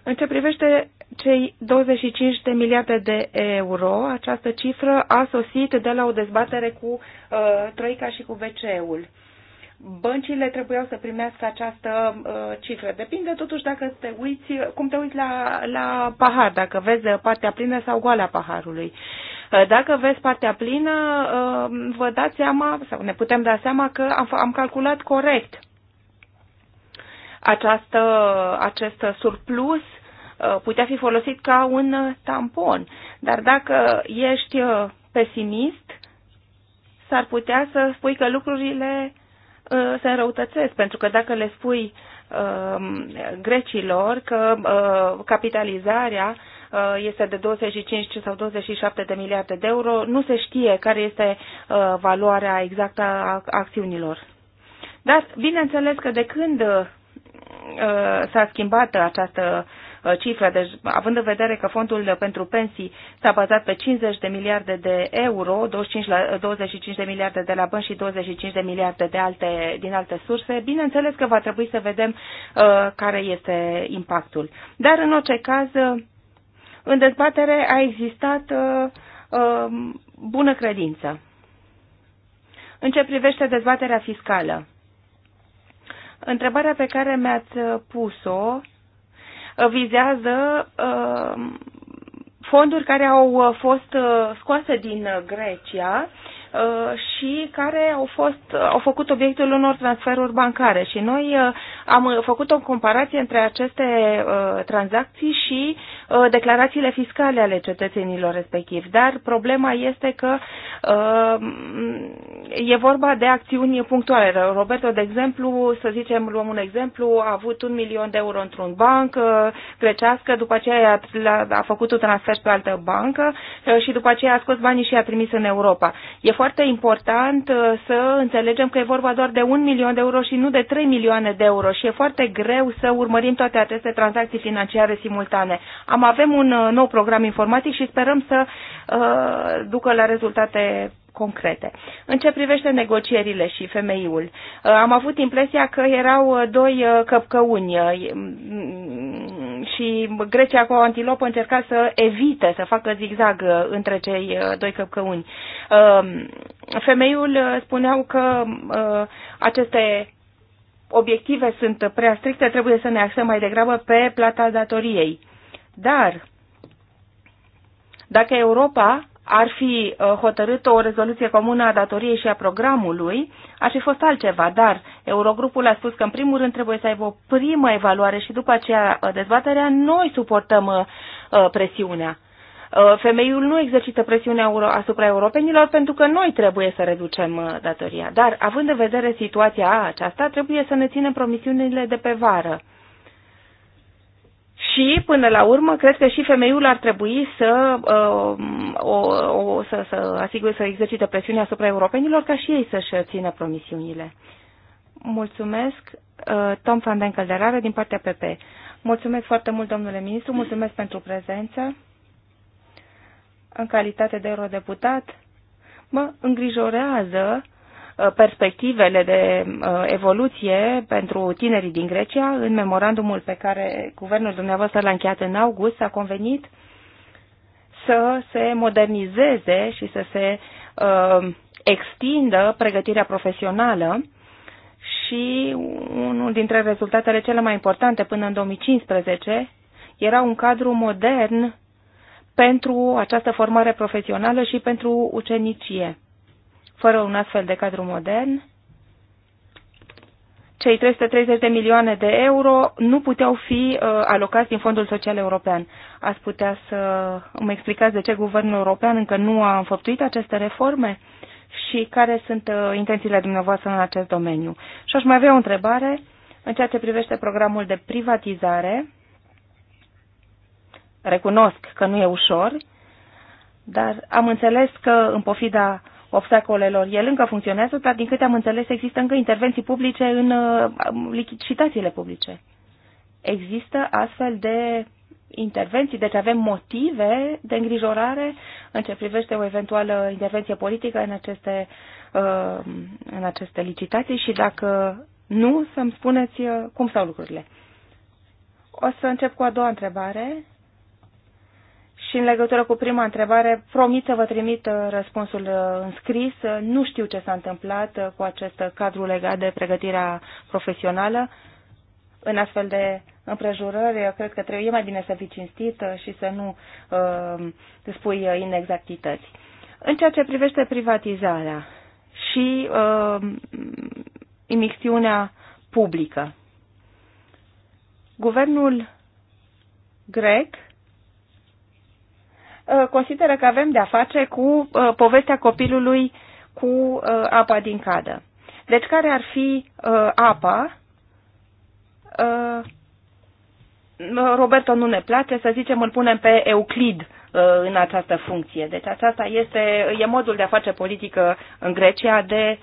Speaker 3: În ce privește cei 25 de miliarde de euro, această cifră a sosit de la o dezbatere cu uh, Troica și cu vce ul Băncile trebuiau să primească această uh, cifră. Depinde totuși dacă te uiți, cum te uiți la, la pahar, dacă vezi partea plină sau goală a paharului. Uh, dacă vezi partea plină, uh, vă dați seama, sau ne putem da seama că am, am calculat corect această, acest surplus Uh, putea fi folosit ca un uh, tampon. Dar dacă ești uh, pesimist, s-ar putea să spui că lucrurile se înrăutățesc, pentru că dacă le spui grecilor că capitalizarea este de 25 sau 27 de miliarde de euro, nu se știe care este valoarea exactă a acțiunilor. Dar bineînțeles că de când s-a schimbat această Uh, cifre, Deci, având în vedere că fondul pentru pensii s-a bazat pe 50 de miliarde de euro, 25, la, 25 uh, de miliarde de la bani și 25 de miliarde de alte, din alte surse, bineînțeles că va trebui să vedem uh, care este impactul. Dar, în orice caz, uh, în dezbatere a existat uh, uh, bună credință. În ce privește dezbaterea fiscală, întrebarea pe care mi-ați pus-o vizează uh, fonduri care au uh, fost uh, scoase din Grecia Uh, și care au, fost, au făcut obiectul unor transferuri bancare. Și noi uh, am făcut o comparație între aceste uh, tranzacții și declarațiile fiscale ale cetățenilor respectivi. Dar problema este că e vorba de acțiuni punctuale. Roberto, de exemplu, să zicem, luăm un exemplu, a avut un milion de euro într-un banc grecească, după aceea a făcut un transfer pe altă bancă și după aceea a scos banii și i-a trimis în Europa. E foarte important uh, să înțelegem că e vorba doar de un milion de euro și nu de 3 milioane de euro și e foarte greu să urmărim toate aceste tranzacții financiare simultane. Am avem un uh, nou program informatic și sperăm să uh, ducă la rezultate concrete. În ce privește negocierile și femeiul, uh, am avut impresia că erau uh, doi uh, căpcăuni și Grecia cu o antilopă încerca să evite, să facă zigzag între cei doi căpcăuni. Um, femeiul spuneau că aceste obiective sunt prea stricte, trebuie să ne axăm mai degrabă pe plata datoriei. Dar dacă Europa ar fi uh, hotărât o rezoluție comună a datoriei și a programului, ar fi fost altceva, dar Eurogrupul a spus că în primul rând trebuie să aibă o primă evaluare și după aceea uh, dezbaterea, noi suportăm uh, presiunea. Femeiul nu exercită presiunea asupra europenilor pentru că noi trebuie să reducem datoria. Dar, având în vedere situația aceasta, trebuie să ne ținem promisiunile de pe vară. Și, până la urmă, cred că și femeiul ar trebui să, uh, o, o, să, să asigure, să exercite presiunea asupra europenilor ca și ei să-și țină promisiunile. Mulțumesc, uh, Tom van den Calderare, din partea PP. Mulțumesc foarte mult, domnule ministru, mulțumesc pentru prezență. În calitate de eurodeputat, mă îngrijorează uh, Uh, perspectivele de uh, evoluție pentru tinerii din Grecia. În memorandumul pe care guvernul dumneavoastră l-a încheiat în august s-a convenit să se modernizeze și să se uh, extindă pregătirea profesională și unul dintre rezultatele cele mai importante până în 2015 era un cadru modern pentru această formare profesională și pentru ucenicie fără un astfel de cadru modern, cei 330 de milioane de euro nu puteau fi uh, alocați din Fondul Social European. Ați putea să îmi explicați de ce guvernul european încă nu a înfăptuit aceste reforme și care sunt uh, intențiile dumneavoastră în acest domeniu. Și aș mai avea o întrebare în ceea ce privește programul de privatizare. Recunosc că nu e ușor, dar am înțeles că în pofida obstacolelor. El încă funcționează, dar din câte am înțeles există încă intervenții publice în uh, licitațiile publice. Există astfel de intervenții, deci avem motive de îngrijorare în ce privește o eventuală intervenție politică în aceste, uh, în aceste licitații și dacă nu, să-mi spuneți uh, cum stau lucrurile. O să încep cu a doua întrebare și în legătură cu prima întrebare, promit să vă trimit uh, răspunsul uh, în scris. Uh, nu știu ce s-a întâmplat cu acest cadru legat de pregătirea profesională. În astfel de împrejurări, eu cred că trebuie mai bine să fii cinstit și să nu uh, spui inexactități. În ceea ce privește privatizarea și uh, imixtiunea publică, guvernul grec uh, Uh, consideră că avem de-a face cu uh, povestea copilului cu uh, apa din cadă. Deci care ar fi apa? Roberto nu ne place, să zicem îl punem pe Euclid în această funcție. Deci aceasta este, e modul de a face politică în Grecia de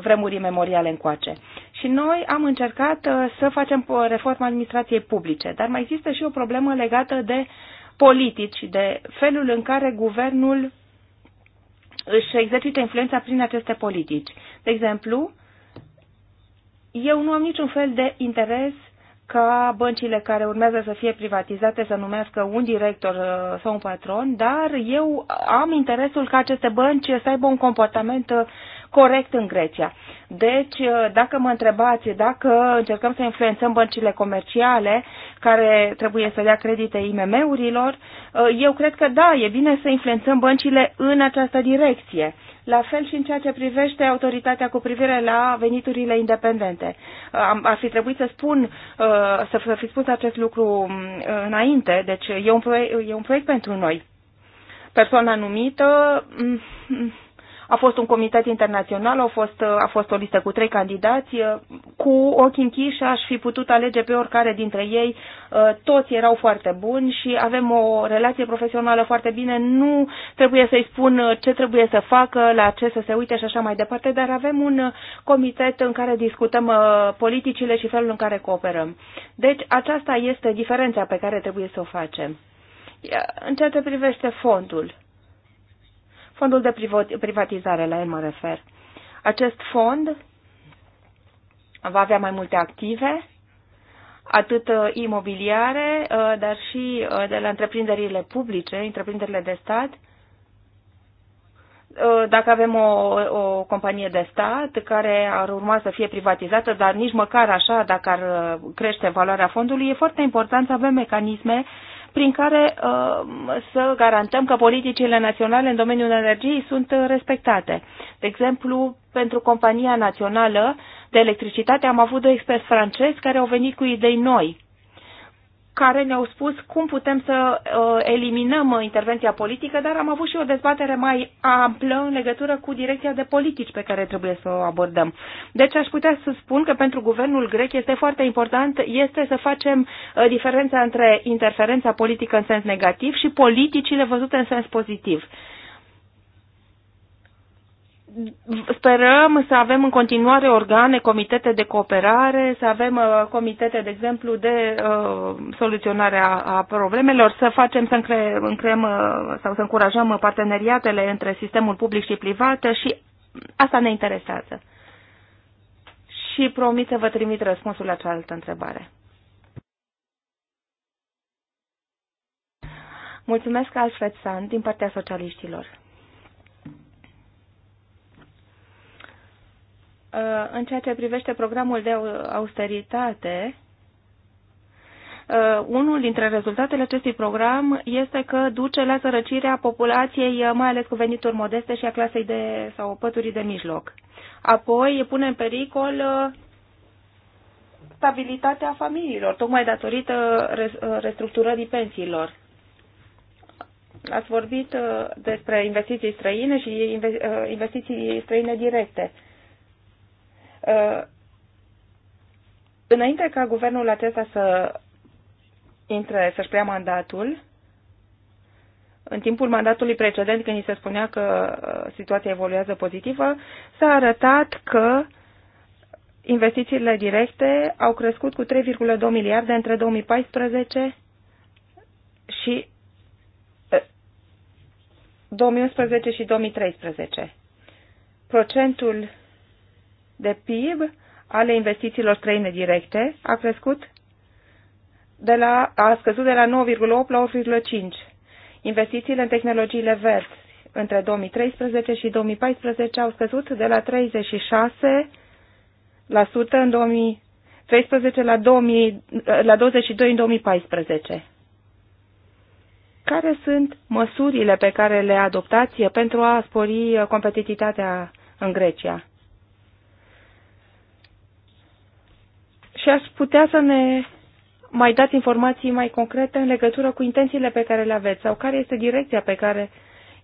Speaker 3: vremuri memoriale încoace. Și noi am încercat să facem reforma administrației publice, dar mai există și o problemă legată de politici de felul în care guvernul își exercită influența prin aceste politici. De exemplu, eu nu am niciun fel de interes ca băncile care urmează să fie privatizate să numească un director uh, sau un patron, dar eu am interesul ca aceste bănci să aibă un comportament uh, corect în Grecia. Deci, uh, dacă mă întrebați dacă încercăm să influențăm băncile comerciale care trebuie să dea credite IMM-urilor, uh, eu cred că da, e bine să influențăm băncile în această direcție. La fel și în ceea ce privește autoritatea cu privire la veniturile independente. Uh, ar fi trebuit să spun, să fi spus acest lucru mm, înainte, deci e un proiect, e un proiect pentru noi. Persoana numită mm, mm, a fost un comitet internațional, a fost, a fost o listă cu trei candidați. Cu ochii închiși aș fi putut alege pe oricare dintre ei. Toți erau foarte buni și avem o relație profesională foarte bine. Nu trebuie să-i spun ce trebuie să facă, la ce să se uite și așa mai departe, dar avem un comitet în care discutăm uh, politicile și felul în care cooperăm. Deci aceasta este diferența pe care trebuie să o facem. În ceea ce privește fondul, fondul de privatizare, la el mă refer. Acest fond va avea mai multe active, atât uh, imobiliare, uh, dar și uh, de la întreprinderile publice, întreprinderile de stat. Dacă avem o, o companie de stat care ar urma să fie privatizată, dar nici măcar așa, dacă ar crește valoarea fondului, e foarte important să avem mecanisme uh, prin care uh, să garantăm că politicile naționale în domeniul energiei sunt respectate. De exemplu, pentru Compania Națională de Electricitate am avut doi experți francezi care au venit cu idei noi care ne-au spus cum putem să uh, eliminăm uh, intervenția politică, dar am avut și o dezbatere mai amplă în legătură cu direcția de politici pe care trebuie să o abordăm. Deci aș putea să spun că pentru guvernul grec este foarte important este să facem uh, diferența între interferența politică în sens negativ și politicile văzute în sens pozitiv. Uh, sperăm să avem în continuare organe, comitete de cooperare, să avem uh, comitete, de exemplu, de uh, soluționare a, a problemelor, să facem, să încre, încrem uh, sau să încurajăm parteneriatele între sistemul public și privat și asta ne interesează. Și promit să vă trimit răspunsul la cealaltă întrebare. Mulțumesc, Alfred Sand, din partea socialiștilor. Uh, în ceea ce privește programul de austeritate, uh, unul dintre rezultatele acestui program este că duce la sărăcirea populației, uh, mai ales cu venituri modeste și a clasei de, sau păturii de mijloc. Apoi pune în pericol stabilitatea familiilor, tocmai datorită restructurării pensiilor. Ați vorbit despre investiții străine și investiții străine directe. Uh, înainte ca guvernul acesta să intre, să-și preia mandatul, în timpul mandatului precedent, când ni se spunea că uh, situația evoluează pozitivă, s-a arătat că investițiile directe au crescut cu 3,2 miliarde între 2014 și 2011 uh, și 2013. Procentul de PIB ale investițiilor străine directe a crescut de la, a scăzut de la 9,8 la 8,5. Investițiile în tehnologiile verzi între 2013 și 2014 au scăzut de la 36% în 2013 la, 2000, la 22 în 2014. Care sunt măsurile pe care le adoptați pentru a spori competitivitatea în Grecia? și aș putea să ne mai dați informații mai concrete în legătură cu intențiile pe care le aveți sau care este direcția pe care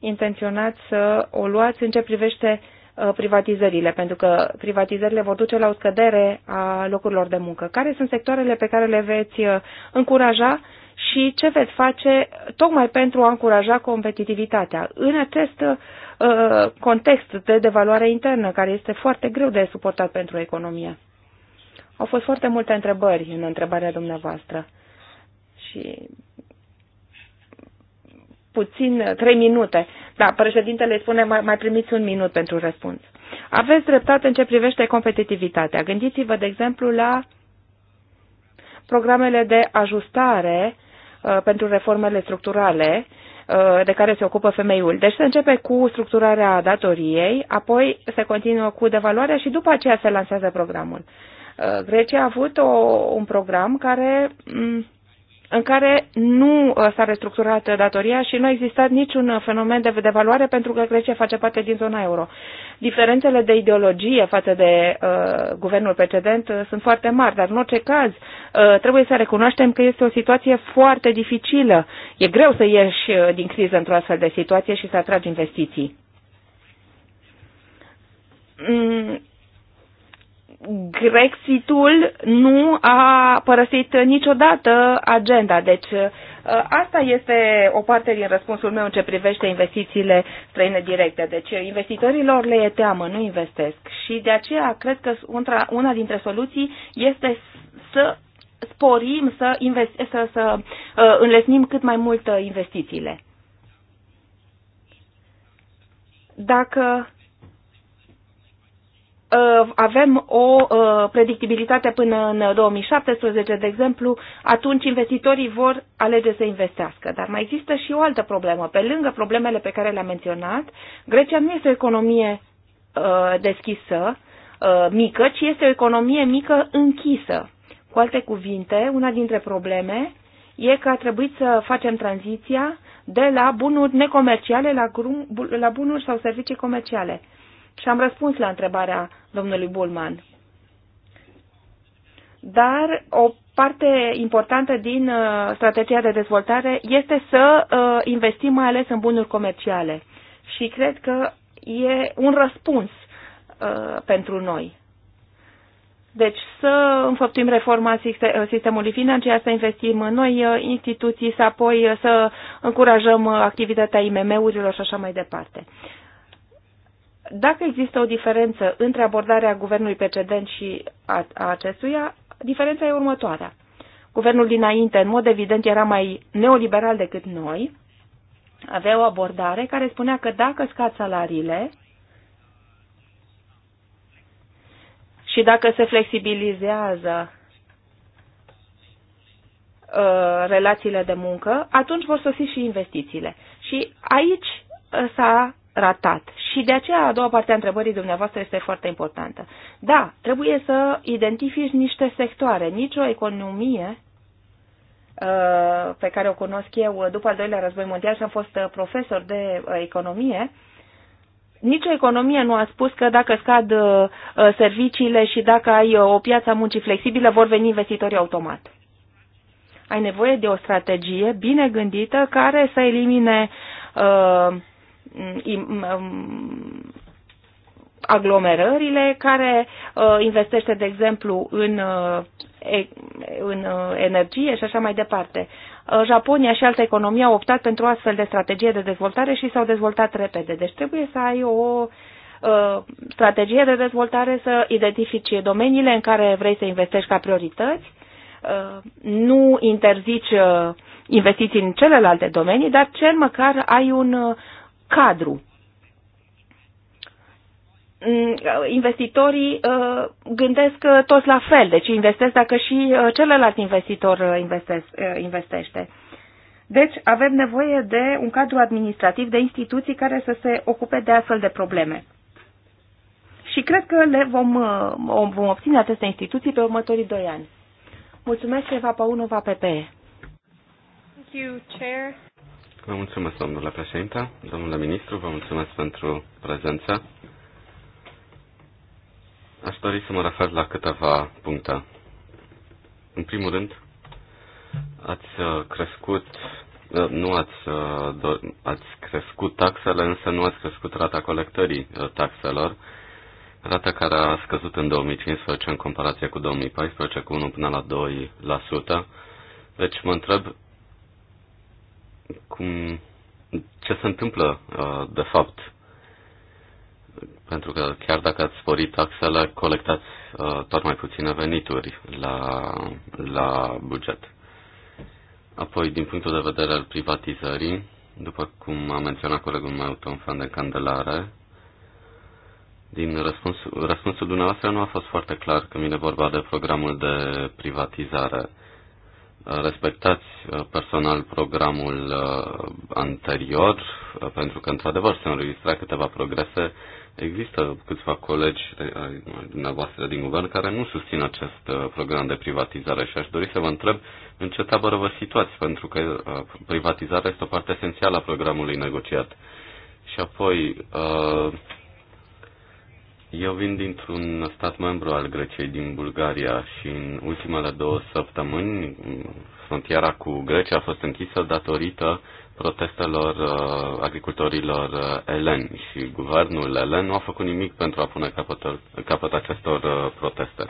Speaker 3: intenționați să o luați în ce privește uh, privatizările, pentru că privatizările vor duce la o scădere a locurilor de muncă. Care sunt sectoarele pe care le veți uh, încuraja și ce veți face tocmai pentru a încuraja competitivitatea în acest uh, context de devaluare internă, care este foarte greu de suportat pentru economie? Au fost foarte multe întrebări în întrebarea dumneavoastră și puțin trei minute. Da, președintele spune mai, mai primiți un minut pentru răspuns. Aveți dreptate în ce privește competitivitatea. Gândiți-vă, de exemplu, la programele de ajustare uh, pentru reformele structurale uh, de care se ocupă femeiul. Deci se începe cu structurarea datoriei, apoi se continuă cu devaluarea și după aceea se lansează programul. Uh, Grecia a avut o, un program care, mm, în care nu uh, s-a restructurat datoria și nu a existat niciun uh, fenomen de devaluare pentru că Grecia face parte din zona euro. Diferențele de ideologie față de uh, guvernul precedent uh, sunt foarte mari, dar în orice caz uh, trebuie să recunoaștem că este o situație foarte dificilă. E greu să ieși uh, din criză într-o astfel de situație și să atragi investiții mm, Grexitul nu a părăsit niciodată agenda. Deci uh, asta este o parte din răspunsul meu în ce privește investițiile străine directe. Deci investitorilor le e teamă, nu investesc. Și de aceea cred că una dintre soluții este să sporim, să, investi- să, să uh, înlesnim cât mai mult uh, investițiile. Dacă Uh, avem o uh, predictibilitate până în 2017, de exemplu, atunci investitorii vor alege să investească. Dar mai există și o altă problemă. Pe lângă problemele pe care le-am menționat, Grecia nu este o economie uh, deschisă, mică, ci este o economie mică închisă. Cu alte cuvinte, una dintre probleme e că a trebuit să facem tranziția de la bunuri necomerciale la, la bunuri sau servicii comerciale. Și am răspuns la întrebarea domnului Bulman. Dar o parte importantă din uh, strategia de dezvoltare este să uh, investim mai ales în bunuri comerciale. Și cred că e un răspuns uh, pentru noi. Deci să înfăptuim reforma uh, sistemului financiar, să investim în noi uh, instituții, să apoi uh, să încurajăm activitatea IMM-urilor și așa mai departe. Dacă există o diferență între abordarea guvernului precedent și a, a acestuia, diferența e următoarea. Guvernul dinainte, în mod evident, era mai neoliberal decât noi, avea o abordare care spunea că dacă scad salariile și dacă se flexibilizează uh, relațiile de muncă, atunci vor sosi și investițiile. Și aici uh, s-a ratat. Și de aceea a doua parte a întrebării dumneavoastră este foarte importantă. Da, trebuie să identifici niște sectoare. Nicio economie uh, pe care o cunosc eu uh, după al doilea război mondial și am fost uh, profesor de economie, nicio economie nu a spus că dacă scad serviciile și dacă ai o piață a muncii flexibilă, vor veni investitorii automat. Ai nevoie de o strategie bine gândită care să elimine uh, aglomerările, care uh, investește, de exemplu, în, uh, în uh, energie și așa mai departe. Japonia și alte economii au optat pentru o astfel de strategie de dezvoltare și s-au dezvoltat repede. Deci trebuie să ai o strategie de dezvoltare, să identifici domeniile în care vrei să investești ca priorități, nu interzici investiții în celelalte domenii, dar cel măcar ai un cadru. Mm, investitorii uh, gândesc uh, toți la fel, deci investesc dacă și uh, celălalt investitor investește. Deci avem nevoie de un cadru administrativ, de instituții care să se ocupe de astfel de probleme. Și cred că le vom, vom obține aceste instituții pe următorii doi ani. Mulțumesc, Eva Paunova, PPE. Thank you, Chair.
Speaker 2: Vă mulțumesc, domnule președinte, domnule ministru, vă mulțumesc pentru prezența. Aș dori să mă refer la câteva puncte. În primul rând, ați uh, crescut, uh, nu ați, uh, ați crescut taxele, însă nu ați crescut rata colectării taxelor, rata care a scăzut în 2015 în comparație cu 2014 cu 1 până la 2%. Deci mă întreb cum, ce se întâmplă uh, de fapt. Pentru că chiar dacă ați sporit taxele, colectați uh, tot mai puține venituri la, la buget. Apoi, din punctul de vedere al privatizării, după cum a menționat colegul meu Tom Fan de Candelare, din răspunsul, răspunsul dumneavoastră nu a fost foarte clar când vine vorba de programul de privatizare respectați uh, personal programul uh, anterior, uh, pentru că, într-adevăr, se înregistra câteva progrese. Există câțiva colegi eh, dumneavoastră din guvern care nu susțin acest program de privatizare și aș dori să vă întreb în ce tabără vă situați, pentru că privatizarea este o parte esențială a programului negociat. Și apoi, eu vin dintr-un stat membru al Greciei, din Bulgaria, și în ultimele două săptămâni frontiera cu Grecia a fost închisă datorită protestelor uh, agricultorilor uh, eleni și guvernul elen nu a făcut nimic pentru a pune capăt, capăt acestor uh, proteste.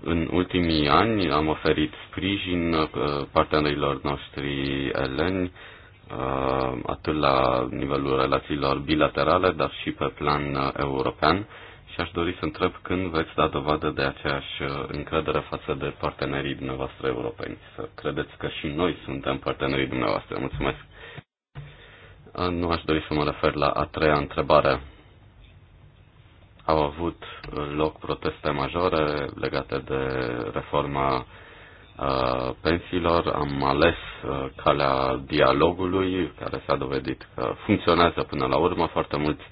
Speaker 2: În ultimii ani am oferit sprijin uh, partenerilor noștri eleni, uh, atât la nivelul relațiilor bilaterale, dar și pe plan uh, european. Uh, și aș dori să întreb când veți da dovadă de aceeași uh, încredere față de partenerii dumneavoastră europeni. Să credeți că și noi suntem partenerii dumneavoastră. Mulțumesc. Uh, nu aș dori să mă refer la a treia întrebare. Au avut uh, loc proteste majore legate de reforma pensiilor, am ales calea dialogului, care s-a dovedit că funcționează până la urmă. Foarte mulți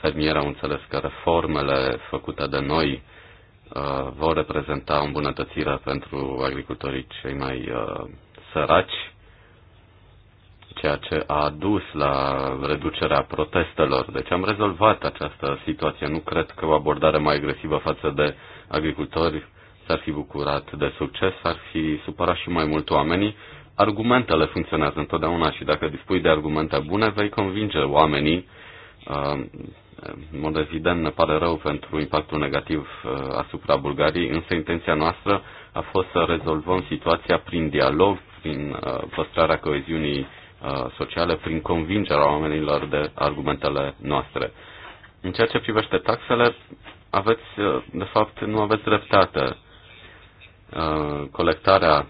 Speaker 2: Fermierii au înțeles că reformele făcute de noi uh, vor reprezenta o îmbunătățire pentru agricultorii cei mai uh, săraci, ceea ce a dus la reducerea protestelor. Deci am rezolvat această situație. Nu cred că o abordare mai agresivă față de agricultori s-ar fi bucurat de succes, ar fi supărat și mai mult oamenii. Argumentele funcționează întotdeauna și dacă dispui de argumente bune, vei convinge oamenii uh, în mod evident ne pare rău pentru impactul negativ uh, asupra Bulgariei, însă intenția noastră a fost să rezolvăm situația prin dialog, prin uh, păstrarea coeziunii uh, sociale, prin convingerea oamenilor de argumentele noastre. În ceea ce privește taxele, aveți, de fapt, nu aveți dreptate. Colectarea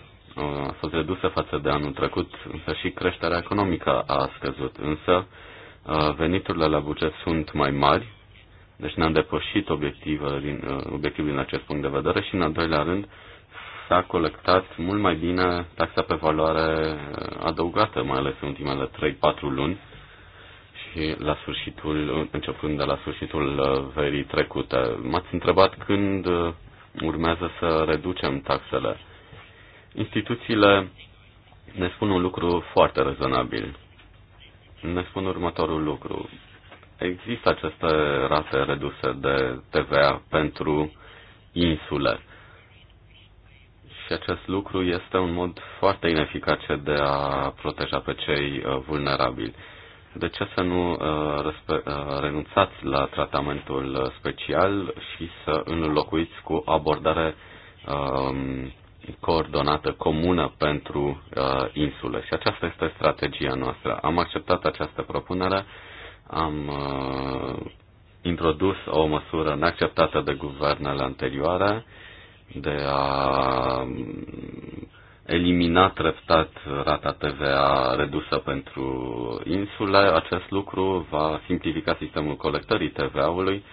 Speaker 2: a fost redusă față de anul trecut, însă și creșterea economică a scăzut. Însă, veniturile la buget sunt mai mari, deci ne-am depășit obiectivul din, obiectivul din acest punct de vedere și, în al doilea rând, s-a colectat mult mai bine taxa pe valoare adăugată, mai ales în ultimele 3-4 luni și la sfârșitul, începând de la sfârșitul verii trecute. M-ați întrebat când urmează să reducem taxele. Instituțiile ne spun un lucru foarte rezonabil ne spun următorul lucru. Există aceste rate reduse de TVA pentru insule. Și acest lucru este un mod foarte ineficace de a proteja pe cei uh, vulnerabili. De ce să nu uh, uh, renunțați la tratamentul special și să înlocuiți cu abordare um, coordonată comună pentru uh, insule. Și aceasta este strategia noastră. Am acceptat această propunere, am uh, introdus o măsură neacceptată de guvernele anterioare de a um, elimina treptat rata TVA redusă pentru insule. Acest lucru va simplifica sistemul colectării TVA-ului,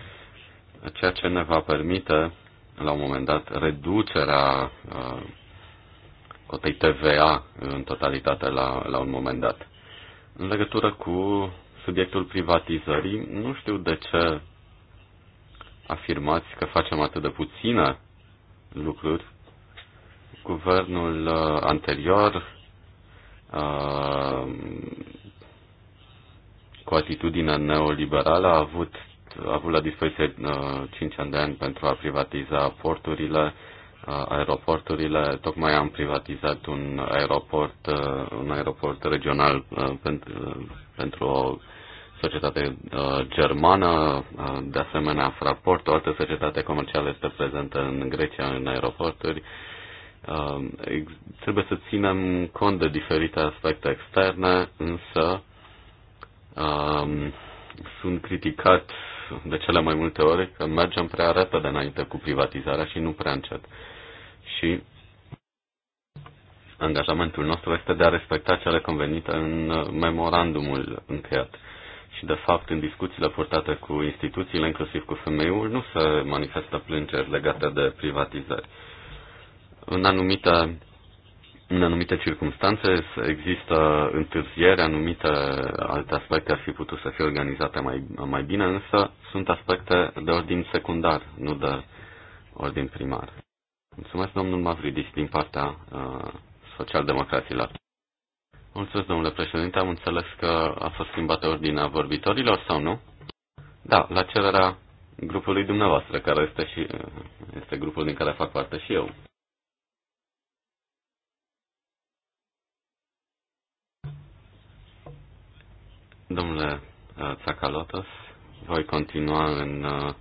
Speaker 2: ceea ce ne va permite la un moment dat reducerea uh, cotei TVA în totalitate la, la un moment dat. În legătură cu subiectul privatizării, nu știu de ce afirmați că facem atât de puține lucruri. Guvernul uh, anterior a, uh, cu atitudine neoliberală a avut avut la dispoziție 5 uh, ani de ani pentru a privatiza porturile, uh, aeroporturile. Tocmai am privatizat un aeroport, uh, un aeroport regional pentru, pentru o societate germană, de asemenea Fraport, o altă societate comercială este prezentă în Grecia în aeroporturi. Trebuie să ținem cont de diferite aspecte externe, însă sunt criticat de cele mai multe ori că mergem prea repede înainte cu privatizarea și nu prea încet. Și angajamentul nostru este de a respecta cele convenite în memorandumul încheiat. Și, de fapt, în discuțiile purtate cu instituțiile, inclusiv cu femeiul, nu se manifestă plângeri legate de privatizări. În anumite în anumite circunstanțe există întârziere, anumite alte aspecte ar fi putut să fie organizate mai, mai bine, însă sunt aspecte de ordin secundar, nu de ordin primar. Mulțumesc, domnul Mavridis, din partea uh, socialdemocraților. Mulțumesc, domnule președinte. Am înțeles că a fost schimbată ordinea vorbitorilor sau nu? Da, la cererea grupului dumneavoastră, care este și uh, este grupul din care fac parte și eu. Domnule uh, Tsakalotos, voi continua în, uh,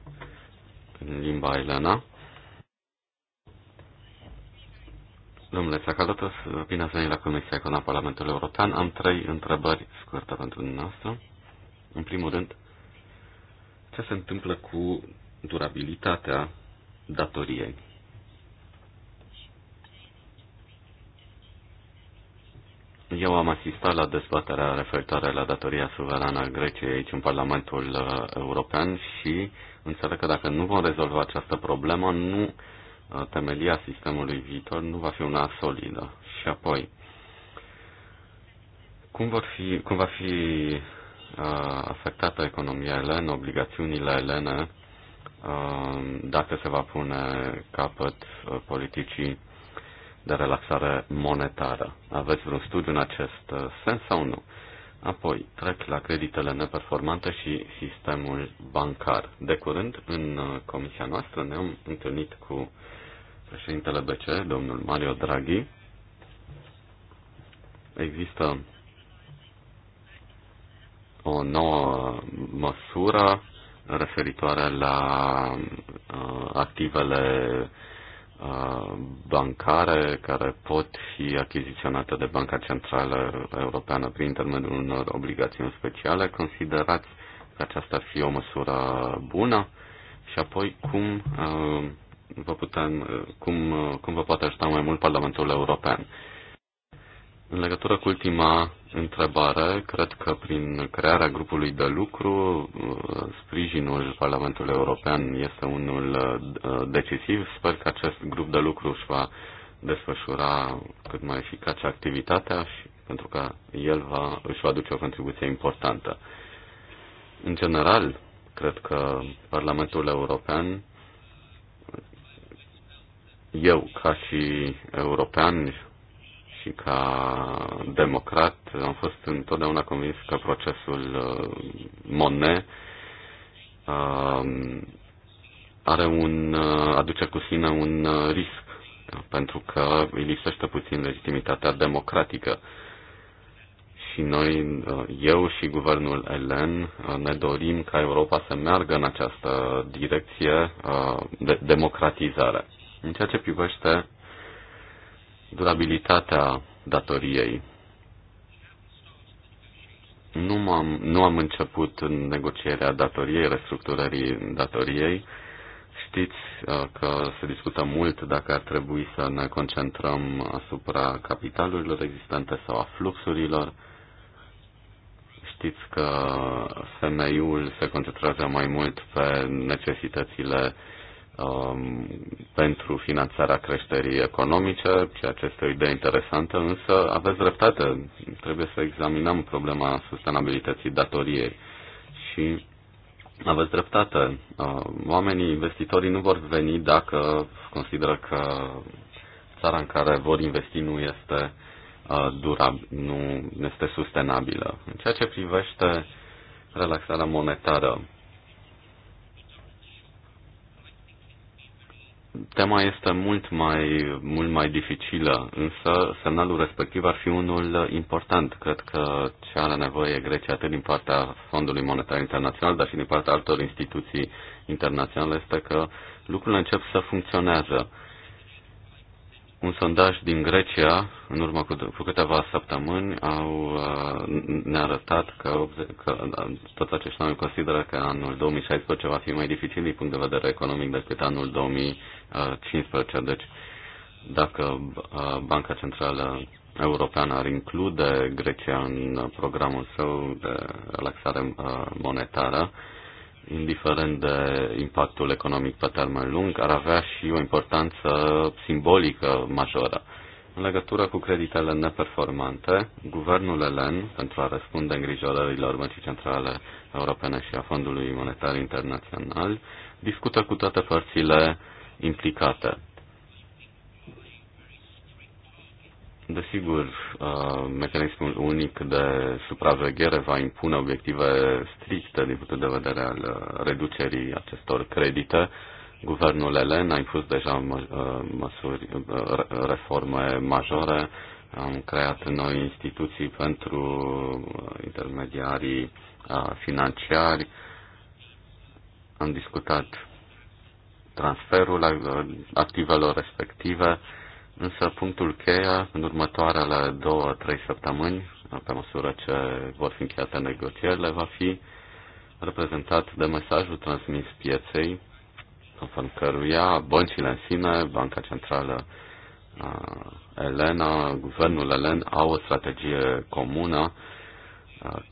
Speaker 2: în limba elena. Domnule Tsakalotos, bine ați venit la Comisia Econa Parlamentului European. Am trei întrebări scurte pentru dumneavoastră. În primul rând, ce se întâmplă cu durabilitatea datoriei? Eu am asistat la dezbaterea referitoare la datoria suverană a Greciei aici în Parlamentul uh, European și înțeleg că dacă nu vom rezolva această problemă, nu uh, temelia sistemului viitor nu va fi una solidă. Și apoi, cum, vor fi, cum va fi uh, afectată economia elenă, obligațiunile elene, dacă se va pune capăt politicii de relaxare monetară. Aveți vreun studiu în acest uh, sens sau nu? Apoi trec la creditele neperformante și sistemul bancar. De curând, în uh, comisia noastră, ne-am întâlnit cu președintele BCE, domnul Mario Draghi. Există o nouă măsură referitoare la uh, activele bancare care pot fi achiziționate de Banca Centrală Europeană prin intermediul unor obligațiuni speciale, considerați că aceasta ar fi o măsură bună și apoi cum vă, putem, cum, cum vă poate ajuta mai mult Parlamentul European. În legătură cu ultima întrebare. Cred că prin crearea grupului de lucru, sprijinul Parlamentului European este unul uh, decisiv. Sper că acest grup de lucru își va desfășura cât mai eficace activitatea și pentru că el va, își va aduce o contribuție importantă. În general, cred că Parlamentul European eu, ca și european, și ca democrat am fost întotdeauna convins că procesul uh, Monet uh, are un, uh, aduce cu sine un risc, pentru că îi lipsește puțin legitimitatea democratică. Și noi, eu și guvernul Elen, ne dorim ca Europa să meargă în această direcție de democratizare. În ceea ce privește durabilitatea datoriei. Nu, am nu am început în negocierea datoriei, restructurării datoriei. Știți uh, că se discută mult dacă ar trebui să ne concentrăm asupra capitalurilor existente sau a fluxurilor. Știți că femeiul se concentrează mai mult pe necesitățile uh, um, pentru finanțarea creșterii economice, ceea ce este o idee interesantă, însă aveți dreptate, trebuie să examinăm problema sustenabilității datoriei și aveți dreptate. Uh, oamenii investitorii nu vor veni dacă consideră că țara în care vor investi nu este uh, durabil, nu este sustenabilă. În ceea ce privește relaxarea monetară, Tema este mult mai, mult mai dificilă, însă semnalul respectiv ar fi unul important. Cred că ce are nevoie Grecia atât din partea Fondului Monetar Internațional, dar și din partea altor instituții internaționale este că lucrurile încep să funcționează. Un sondaj din Grecia, în urmă cu, cu câteva săptămâni, au, uh, ne-a arătat că, că da, toți acești oameni consideră că anul 2016 va fi mai dificil din punct de vedere economic decât anul 2015. Deci, dacă uh, Banca Centrală Europeană ar include Grecia în programul său de relaxare uh, monetară, indiferent de impactul economic pe termen lung, ar avea și o importanță simbolică majoră. În legătură cu creditele neperformante, guvernul elen, pentru a răspunde îngrijorărilor Băncii Centrale Europene și a Fondului Monetar Internațional, discută cu toate părțile implicate. Desigur, uh, mecanismul unic de supraveghere va impune obiective stricte din punct de vedere al uh, reducerii acestor credite. Guvernul Elen a impus deja uh, măsuri, reforme majore, am creat noi instituții pentru intermediarii financiari, am discutat transferul activelor respective Însă punctul cheia, în următoarele două, trei săptămâni, pe măsură ce vor fi încheiate negocierile, va fi reprezentat de mesajul transmis pieței, conform căruia băncile în sine, Banca Centrală uh, Elena, guvernul Elen au o strategie comună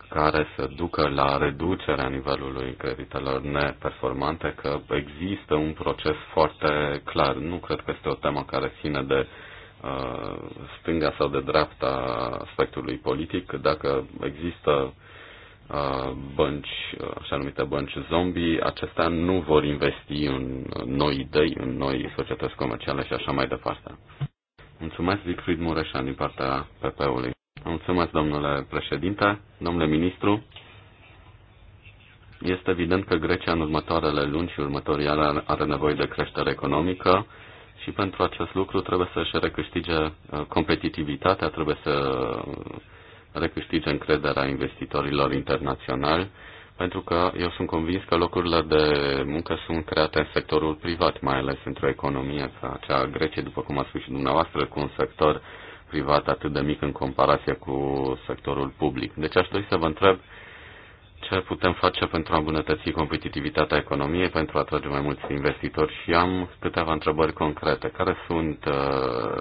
Speaker 2: care să ducă la reducerea nivelului creditelor neperformante, că există un proces foarte clar. Nu cred că este o temă care ține de uh, stânga sau de dreapta aspectului politic. Dacă există uh, bănci, așa numite bănci zombie, acestea nu vor investi în noi idei, în noi societăți comerciale și așa mai departe. Mulțumesc, Siegfried Mureșan, din partea PP-ului. Mulțumesc, domnule președinte, domnule ministru. Este evident că Grecia în următoarele luni și următorii ani are nevoie de creștere economică și pentru acest lucru trebuie să-și recâștige uh, competitivitatea, trebuie să recâștige încrederea investitorilor internaționali, pentru că eu sunt convins că locurile de muncă sunt create în sectorul privat, mai ales într-o economie ca cea a Greciei, după cum a spus și dumneavoastră, cu un sector privat atât de mic în comparație cu sectorul public. Deci aș dori să vă întreb ce putem face pentru a îmbunătăți competitivitatea economiei, pentru a atrage mai mulți investitori și am câteva întrebări concrete. Care sunt uh,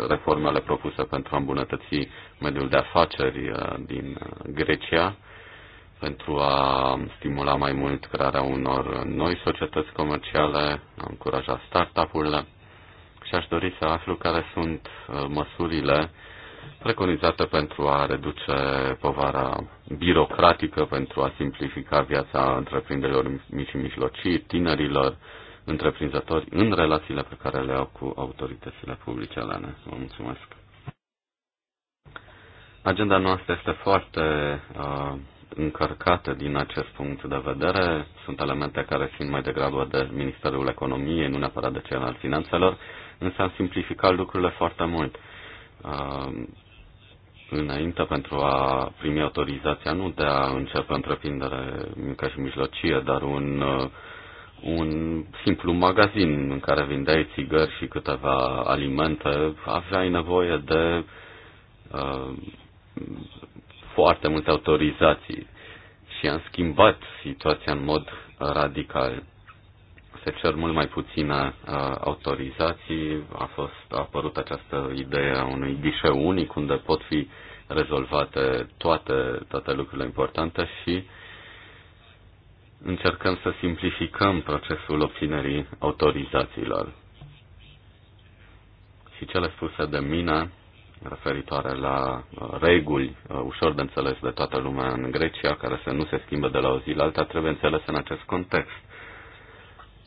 Speaker 2: reformele propuse pentru a îmbunătăți mediul de afaceri uh, din uh, Grecia, pentru a stimula mai mult crearea unor noi societăți comerciale, a încuraja start up urile Și aș dori să aflu care sunt măsurile preconizată pentru a reduce povara birocratică, pentru a simplifica viața întreprinderilor mici și mijlocii, tinerilor, întreprinzători în relațiile pe care le au cu autoritățile publice alene. Vă mulțumesc! Agenda noastră este foarte uh, încărcată din acest punct de vedere. Sunt elemente care țin mai degrabă de Ministerul Economiei, nu neapărat de cel al finanțelor, însă am simplificat lucrurile foarte mult. Uh, Um, înainte pentru a primi autorizația nu de a începe întreprindere mică și mijlocie, dar un, uh, un simplu magazin în care vindeai țigări și câteva alimente, aveai nevoie de uh, foarte multe autorizații și am schimbat situația în mod radical se cer mult mai puține uh, autorizații. A fost a apărut această idee a unui ghișeu unic unde pot fi rezolvate toate, toate lucrurile importante și încercăm să simplificăm procesul obținerii autorizațiilor. Și cele spuse de mine referitoare la uh, reguli uh, ușor de înțeles de toată lumea în Grecia, care să nu se schimbă de la o zi la alta, trebuie înțeles în acest context.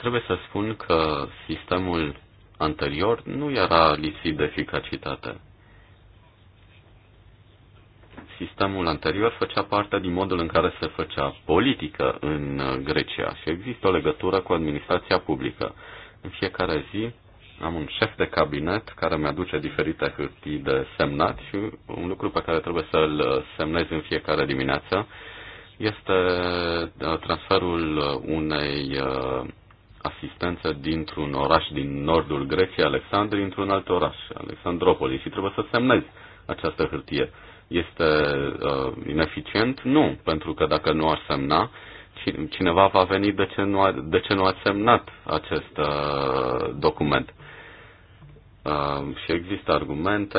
Speaker 2: Trebuie să spun că sistemul anterior nu era lipsit de eficacitate. Sistemul anterior făcea parte din modul în care se făcea politică în Grecia și există o legătură cu administrația publică. În fiecare zi am un șef de cabinet care mi-aduce diferite hârtii de semnat și un lucru pe care trebuie să-l semnez în fiecare dimineață este uh, transferul unei uh, asistență dintr-un oraș din nordul Greciei, Alexandria, într-un alt oraș, Alexandropolis, și trebuie să semnezi această hârtie. Este uh, ineficient? Nu, pentru că dacă nu ar semna, cineva va veni de ce nu a, de ce nu a semnat acest uh, document. Uh, și există argumente,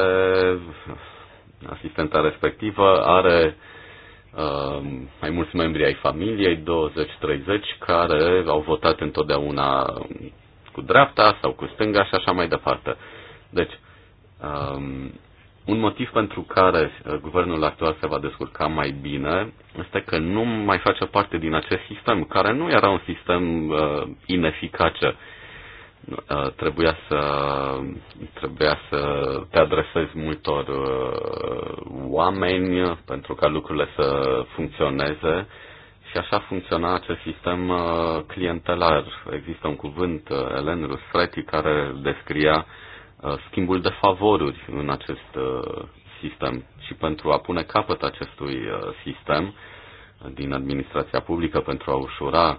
Speaker 2: asistenta respectivă are uh, mai mulți membri ai familiei, 20-30, care au votat întotdeauna cu dreapta sau cu stânga și așa mai departe. Deci, um, un motiv pentru care uh, guvernul actual se va descurca mai bine este că nu mai face parte din acest sistem, care nu era un sistem uh, ineficace. Uh, trebuia să, trebuia să te adresezi multor uh, oameni pentru ca lucrurile să funcționeze și așa funcționa acest sistem uh, clientelar. Există un cuvânt, Elen Rusfreti, care descria schimbul de favoruri în acest sistem și pentru a pune capăt acestui sistem din administrația publică, pentru a ușura uh,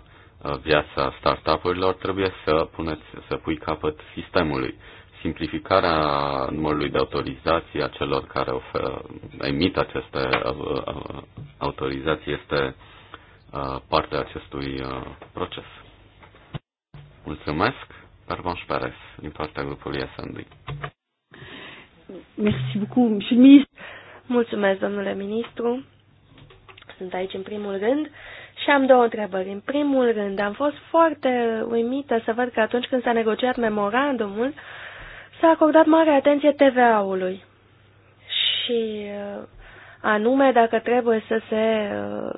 Speaker 2: viața startup-urilor, trebuie să, puneți, să pui capăt sistemului. Simplificarea numărului de autorizații a celor care oferă, emit aceste uh, uh, autorizații este uh, partea acestui proces. Mulțumesc, Pervanș Perez, din partea grupului SND.
Speaker 1: Merci beaucoup, monsieur le ministre. Mulțumesc, domnule ministru. Sunt aici în primul rând. Uh, și am două întrebări. În primul rând, am fost foarte uimită să văd că atunci când s-a negociat memorandumul, s-a acordat mare atenție TVA-ului. Și uh, anume dacă trebuie să se uh,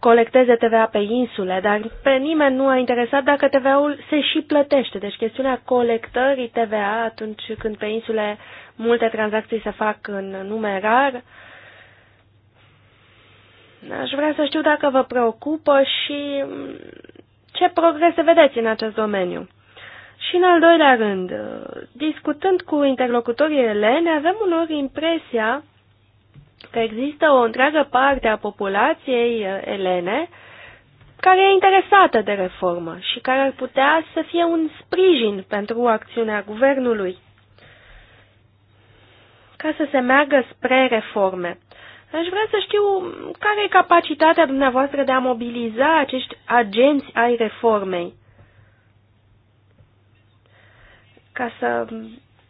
Speaker 1: colecteze TVA pe insule, dar pe nimeni nu a interesat dacă TVA-ul se și plătește. Deci chestiunea colectării TVA atunci când pe insule multe tranzacții se fac în numerar, Aș vrea să știu dacă vă preocupă și ce progrese vedeți în acest domeniu. Și în al doilea rând, discutând cu interlocutorii elene, avem unor impresia că există o întreagă parte a populației uh, elene care e interesată de reformă și care ar putea să fie un sprijin pentru acțiunea guvernului ca să se meargă spre reforme. Aș vrea să știu care e capacitatea dumneavoastră de a mobiliza acești agenți ai reformei. Ca să,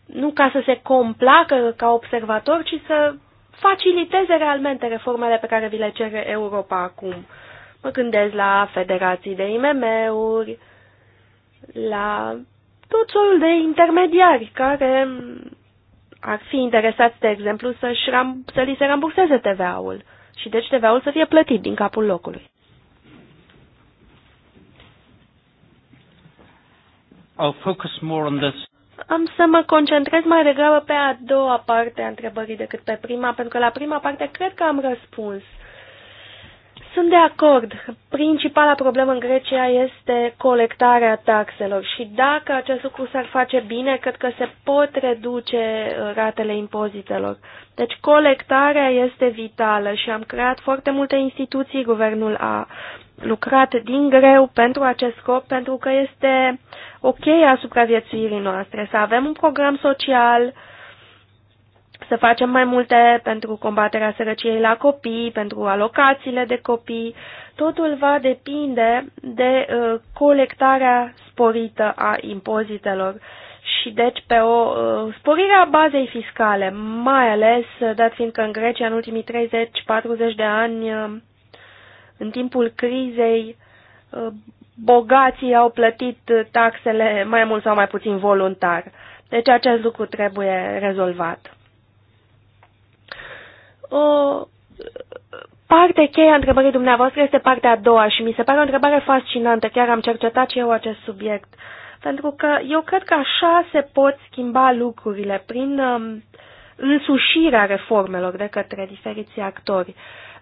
Speaker 1: nu ca să se complacă ca observator, ci să faciliteze realmente reformele pe care vi le cere Europa acum. Mă gândesc la federații de IMM-uri, la tot soiul de intermediari care ar fi interesați, de exemplu, să ram, să li se rambuseze TVA-ul și deci TVA-ul să fie plătit din capul locului.
Speaker 2: I'll focus more on this.
Speaker 1: Am să mă concentrez mai degrabă pe a doua parte a întrebării decât pe prima, pentru că la prima parte cred că am răspuns. Sunt de acord. Principala problemă în Grecia este colectarea taxelor și dacă acest lucru s-ar face bine, cred că se pot reduce uh, ratele impozitelor. Deci colectarea este vitală și am creat foarte multe instituții. Guvernul a lucrat din greu pentru acest scop, pentru că este o cheie a supraviețuirii noastre. Să avem un program social, uh, să facem mai multe pentru combaterea sărăciei la copii, pentru alocațiile de copii. Totul va depinde de uh, colectarea sporită a impozitelor și deci pe o uh, sporire a bazei fiscale, mai ales uh, dat fiindcă în Grecia în ultimii 30-40 de ani, uh, în timpul crizei, uh, bogații au plătit uh, taxele mai mult sau mai puțin voluntar. Deci acest lucru trebuie rezolvat o parte cheie a întrebării dumneavoastră este partea a doua și mi se pare o întrebare fascinantă. Chiar am cercetat și eu acest subiect. Pentru că eu cred că așa se pot schimba lucrurile prin um, însușirea reformelor de către diferiții actori.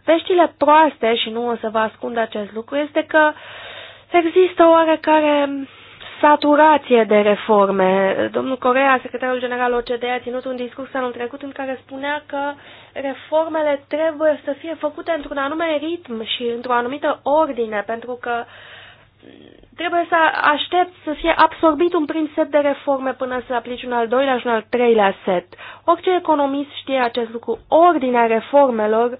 Speaker 1: Veștile proaste, și nu o să vă ascund acest lucru, este că există oarecare saturație de reforme. Domnul Corea, secretarul general OCDE, a ținut un discurs anul trecut în care spunea că reformele trebuie să fie făcute într-un anume ritm și într-o anumită ordine, pentru că trebuie să aștept să fie absorbit un prim set de reforme până să aplici un al doilea și un al treilea set. Orice economist știe acest lucru. Ordinea reformelor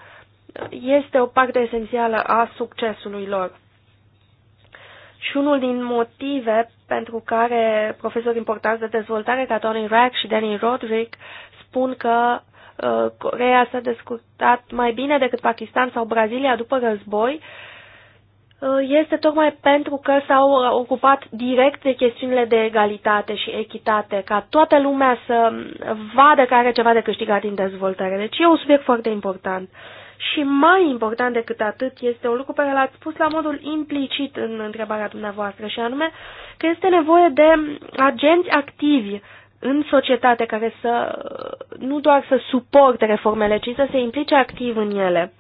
Speaker 1: este o parte esențială a succesului lor. Și unul din motive pentru care profesori importanți de dezvoltare ca Tony Rack și Danny Roderick spun că uh, Corea s-a descurcat mai bine decât Pakistan sau Brazilia după război, uh, este tocmai pentru că s-au uh, ocupat direct de chestiunile de egalitate și echitate, ca toată lumea să vadă că are ceva de câștigat din dezvoltare. Deci e un subiect foarte important. Uh, și mai important decât atât este un lucru pe care l-ați spus la modul implicit în întrebarea dumneavoastră și anume că este nevoie de agenți activi în societate care să nu doar să suporte reformele, ci să se implice activ în ele.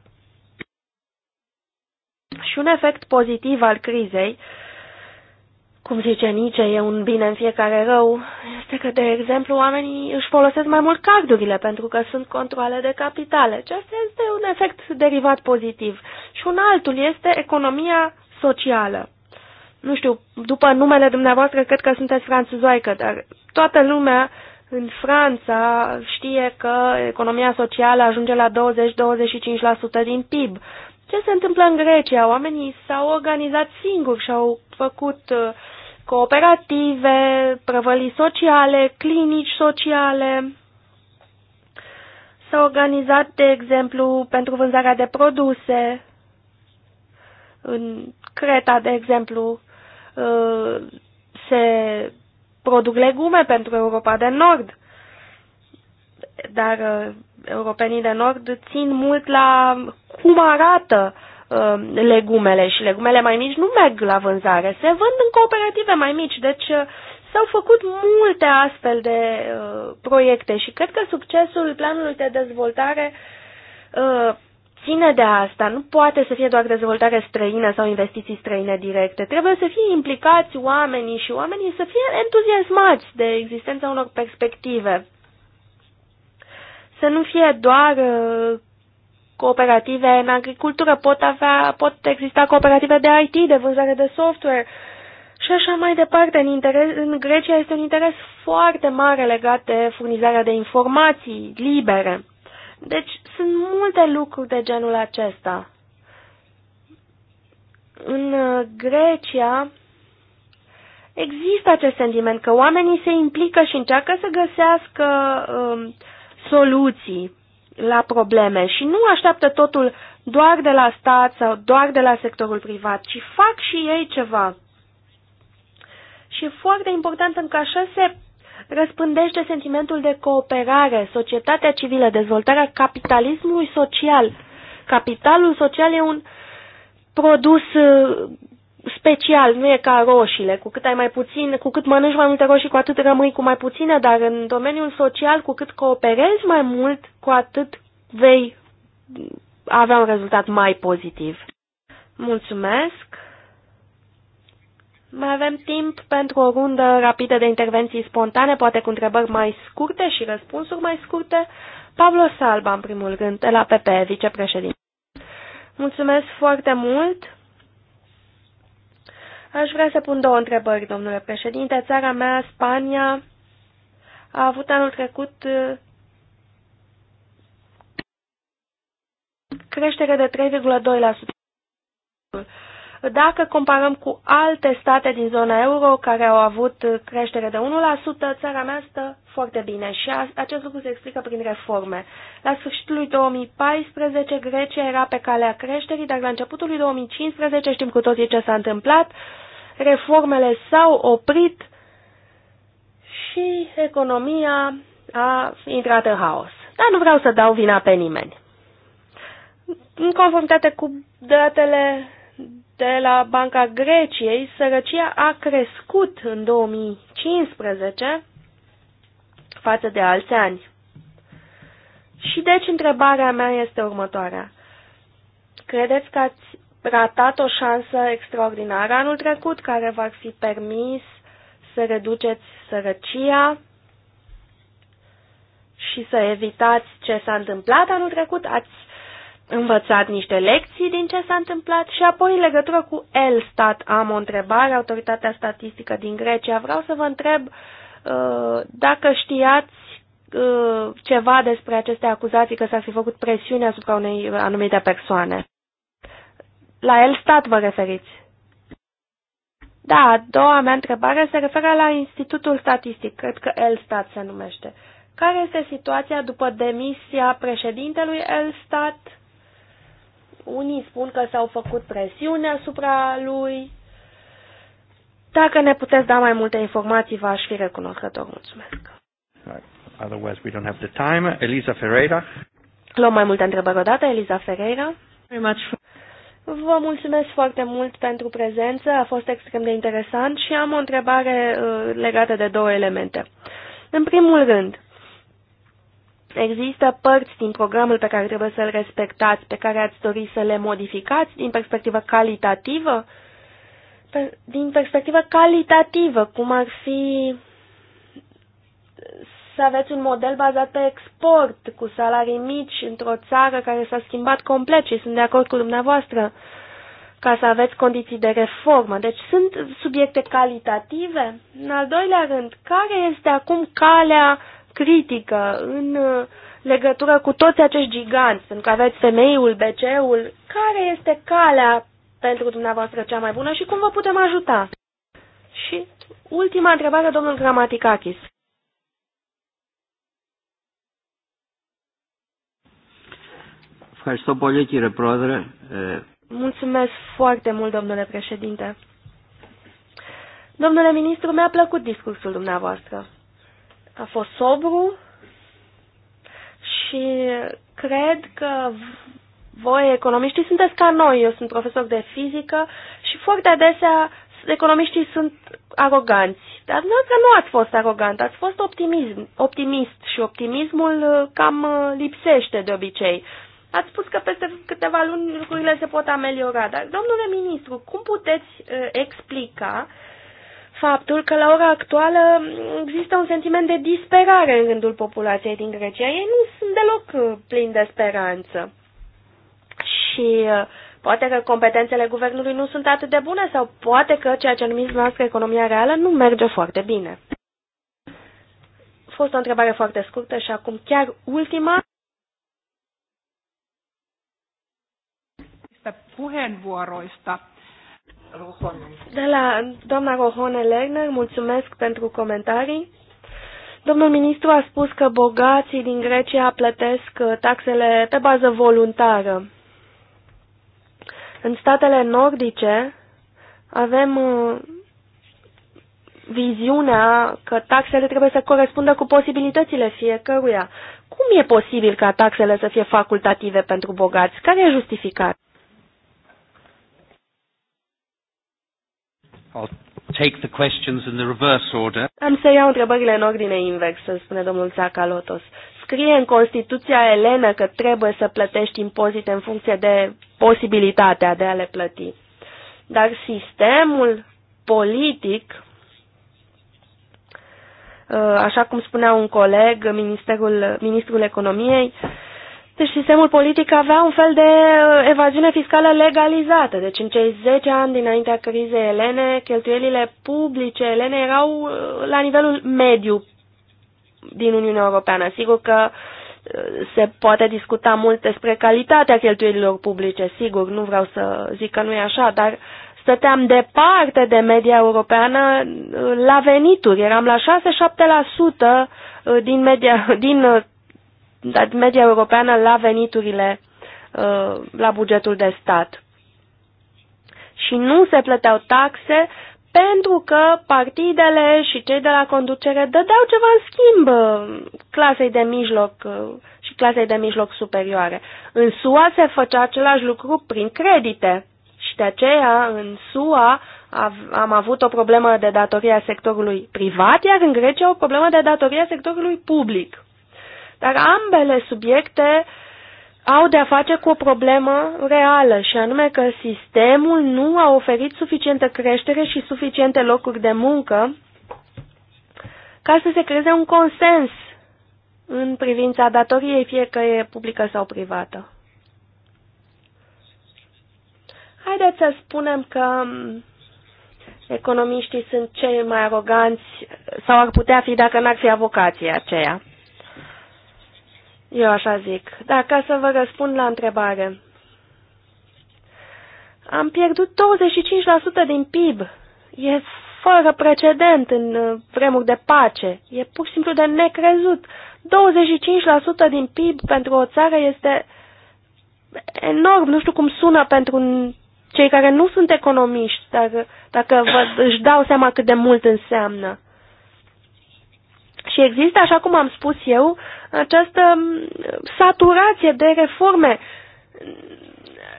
Speaker 1: Și un efect pozitiv al crizei uh, cum zice Nice, e un bine în fiecare rău, este că, de exemplu, oamenii își folosesc mai mult cardurile pentru că sunt controle de capitale. ce este un efect derivat pozitiv. Și un altul este economia socială. Nu știu, după numele dumneavoastră, cred că sunteți franțuzoică, dar toată lumea în Franța știe că economia socială ajunge la 20-25% din PIB. Ce se întâmplă în Grecia? Oamenii s-au organizat singuri și au făcut uh, cooperative, prăvălii sociale, clinici sociale. S-a organizat, de exemplu, pentru vânzarea de produse. În Creta, de exemplu, uh, se produc legume pentru Europa de Nord. Dar uh, europenii de Nord țin mult la cum arată Um, legumele și legumele mai mici nu merg la vânzare, se vând în cooperative mai mici, deci uh, s-au făcut multe astfel de uh, proiecte și cred că succesul planului de dezvoltare uh, ține de asta. Nu poate să fie doar dezvoltare străină sau investiții străine directe. Trebuie să fie implicați oamenii și oamenii să fie entuziasmați de existența unor perspective. Să nu fie doar uh, cooperative în agricultură, pot, avea, pot exista cooperative de IT, de vânzare de software și așa mai departe. În, interes, în Grecia este un interes foarte mare legat de furnizarea de informații libere. Deci sunt multe lucruri de genul acesta. În uh, Grecia există acest sentiment că oamenii se implică și încearcă să găsească um, soluții la probleme și nu așteaptă totul doar de la stat sau doar de la sectorul privat, ci fac și ei ceva. Și e foarte important pentru că așa se răspândește sentimentul de cooperare, societatea civilă, dezvoltarea capitalismului social. Capitalul social e un produs special, nu e ca roșiile. Cu cât ai mai puțin, cu cât mănânci mai multe roșii, cu atât rămâi cu mai puține, dar în domeniul social, cu cât cooperezi mai mult, cu atât vei avea un rezultat mai pozitiv. Mulțumesc! Mai avem timp pentru o rundă rapidă de intervenții spontane, poate cu întrebări mai scurte și răspunsuri mai scurte. Pablo Salba, în primul rând, la PP, vicepreședinte. Mulțumesc foarte mult! Aș vrea să pun două întrebări, domnule președinte. Țara mea, Spania, a avut anul trecut uh, creștere de 3,2%. Dacă comparăm cu alte state din zona euro care au avut creștere de 1%, țara mea stă foarte bine și acest lucru se explică prin reforme. La sfârșitul lui 2014 Grecia era pe calea creșterii, dar la începutul lui 2015 știm cu toții ce s-a întâmplat reformele s-au oprit și economia a intrat în haos. Dar nu vreau să dau vina pe nimeni. În conformitate cu datele de la Banca Greciei, sărăcia a crescut în 2015 față de alți ani. Și deci întrebarea mea este următoarea. Credeți că ați ratat o șansă extraordinară anul trecut care v-ar fi permis să reduceți sărăcia și să evitați ce s-a întâmplat anul trecut. Ați învățat niște lecții din ce s-a întâmplat și apoi în legătură cu Elstat am o întrebare, Autoritatea Statistică din Grecia. Vreau să vă întreb uh, dacă știați uh, ceva despre aceste acuzații că s-ar fi făcut presiune asupra unei anumite persoane. La el stat vă referiți. Da, a doua mea întrebare se referă la Institutul Statistic, cred că Elstat se numește. Care este situația după demisia președintelui Elstat? Unii spun că s-au făcut presiune asupra lui. Dacă ne puteți da mai multe informații, v-aș fi recunoscător. Mulțumesc. Otherwise we don't have the time. Elisa Ferreira. Luăm mai multe întrebări odată. Elisa Ferreira. Very much. for- Vă mulțumesc foarte mult pentru prezență, a fost extrem de interesant și am o întrebare uh, legată de două elemente. În primul rând, există părți din programul pe care trebuie să-l respectați, pe care ați dori să le modificați din perspectivă calitativă? Din perspectivă calitativă, cum ar fi să aveți un model bazat pe export, cu salarii mici, într-o țară care s-a schimbat complet și sunt de acord cu dumneavoastră, ca să aveți condiții de reformă. Deci sunt subiecte calitative. În al doilea rând, care este acum calea critică în uh, legătură cu toți acești giganți, pentru că aveți femeiul, BC-ul, care este calea pentru dumneavoastră cea mai bună și cum vă putem ajuta? Și ultima întrebare, domnul Gramaticakis. Ευχαριστώ Mulțumesc foarte mult, domnule președinte. Domnule ministru, mi-a plăcut discursul dumneavoastră. A fost sobru și cred că voi, economiștii, sunteți ca noi. Eu sunt profesor de fizică și foarte adesea economiștii sunt aroganți. Dar nu că nu ați fost arogant, ați fost optimism, optimist și optimismul cam lipsește de obicei. Ați spus că peste câteva luni lucrurile se pot ameliora, dar, domnule ministru, cum puteți uh, explica faptul că la ora actuală există un sentiment de disperare în rândul populației din Grecia? Ei nu sunt deloc uh, plini de speranță. Și uh, poate că competențele guvernului nu sunt atât de bune sau poate că ceea ce numiți noastră economia reală nu merge foarte bine. A fost o întrebare foarte scurtă și acum chiar ultima.
Speaker 3: hyvistä puheenvuoroista.
Speaker 1: De la doamna Rohone Lerner, mulțumesc pentru comentarii. Domnul ministru a spus că bogații din Grecia plătesc uh, taxele pe bază voluntară. În statele nordice avem uh, viziunea că taxele trebuie să corespundă cu posibilitățile fiecăruia. Cum e posibil ca taxele să fie facultative pentru bogați? Care e justificat?
Speaker 2: I'll take the questions in the reverse order.
Speaker 1: Am să iau întrebările în ordine inversă, spune domnul Zacalotos. Scrie în Constituția Elenă că trebuie să plătești impozite în funcție de posibilitatea de a le plăti. Dar sistemul politic, ă, așa cum spunea un coleg, Ministerul, Ministrul Economiei, deci sistemul politic avea un fel de uh, evaziune fiscală legalizată. Deci în cei 10 ani dinaintea crizei elene, cheltuielile publice elene erau uh, la nivelul mediu din Uniunea Europeană. Sigur că uh, se poate discuta mult despre calitatea cheltuielilor publice, sigur, nu vreau să zic că nu e așa, dar stăteam departe de media europeană la venituri, eram la 6-7% din, media, din media europeană la veniturile uh, la bugetul de stat. Și nu se plăteau taxe pentru că partidele și cei de la conducere dădeau ceva în schimb uh, clasei de mijloc uh, și clasei de mijloc superioare. În SUA se făcea același lucru prin credite și de aceea în SUA am avut o problemă de datorie a sectorului privat, iar în Grecia o problemă de datorie a sectorului public. Dar ambele subiecte au de-a face cu o problemă reală, și anume că sistemul nu a oferit suficientă creștere și suficiente locuri de muncă ca să se creeze un consens în privința datoriei, fie că e publică sau privată. Haideți să spunem că economiștii sunt cei mai aroganți sau ar putea fi dacă n-ar fi avocația aceea. Eu așa zic. Da, ca să vă răspund la întrebare. Am pierdut 25% din PIB. E fără precedent în uh, vremuri de pace. E pur și simplu de necrezut. 25% din PIB pentru o țară este enorm. Nu știu cum sună pentru cei care nu sunt economiști, dar uh, dacă vă, își dau seama cât de mult înseamnă. Și există, așa cum am spus eu, această saturație de reforme.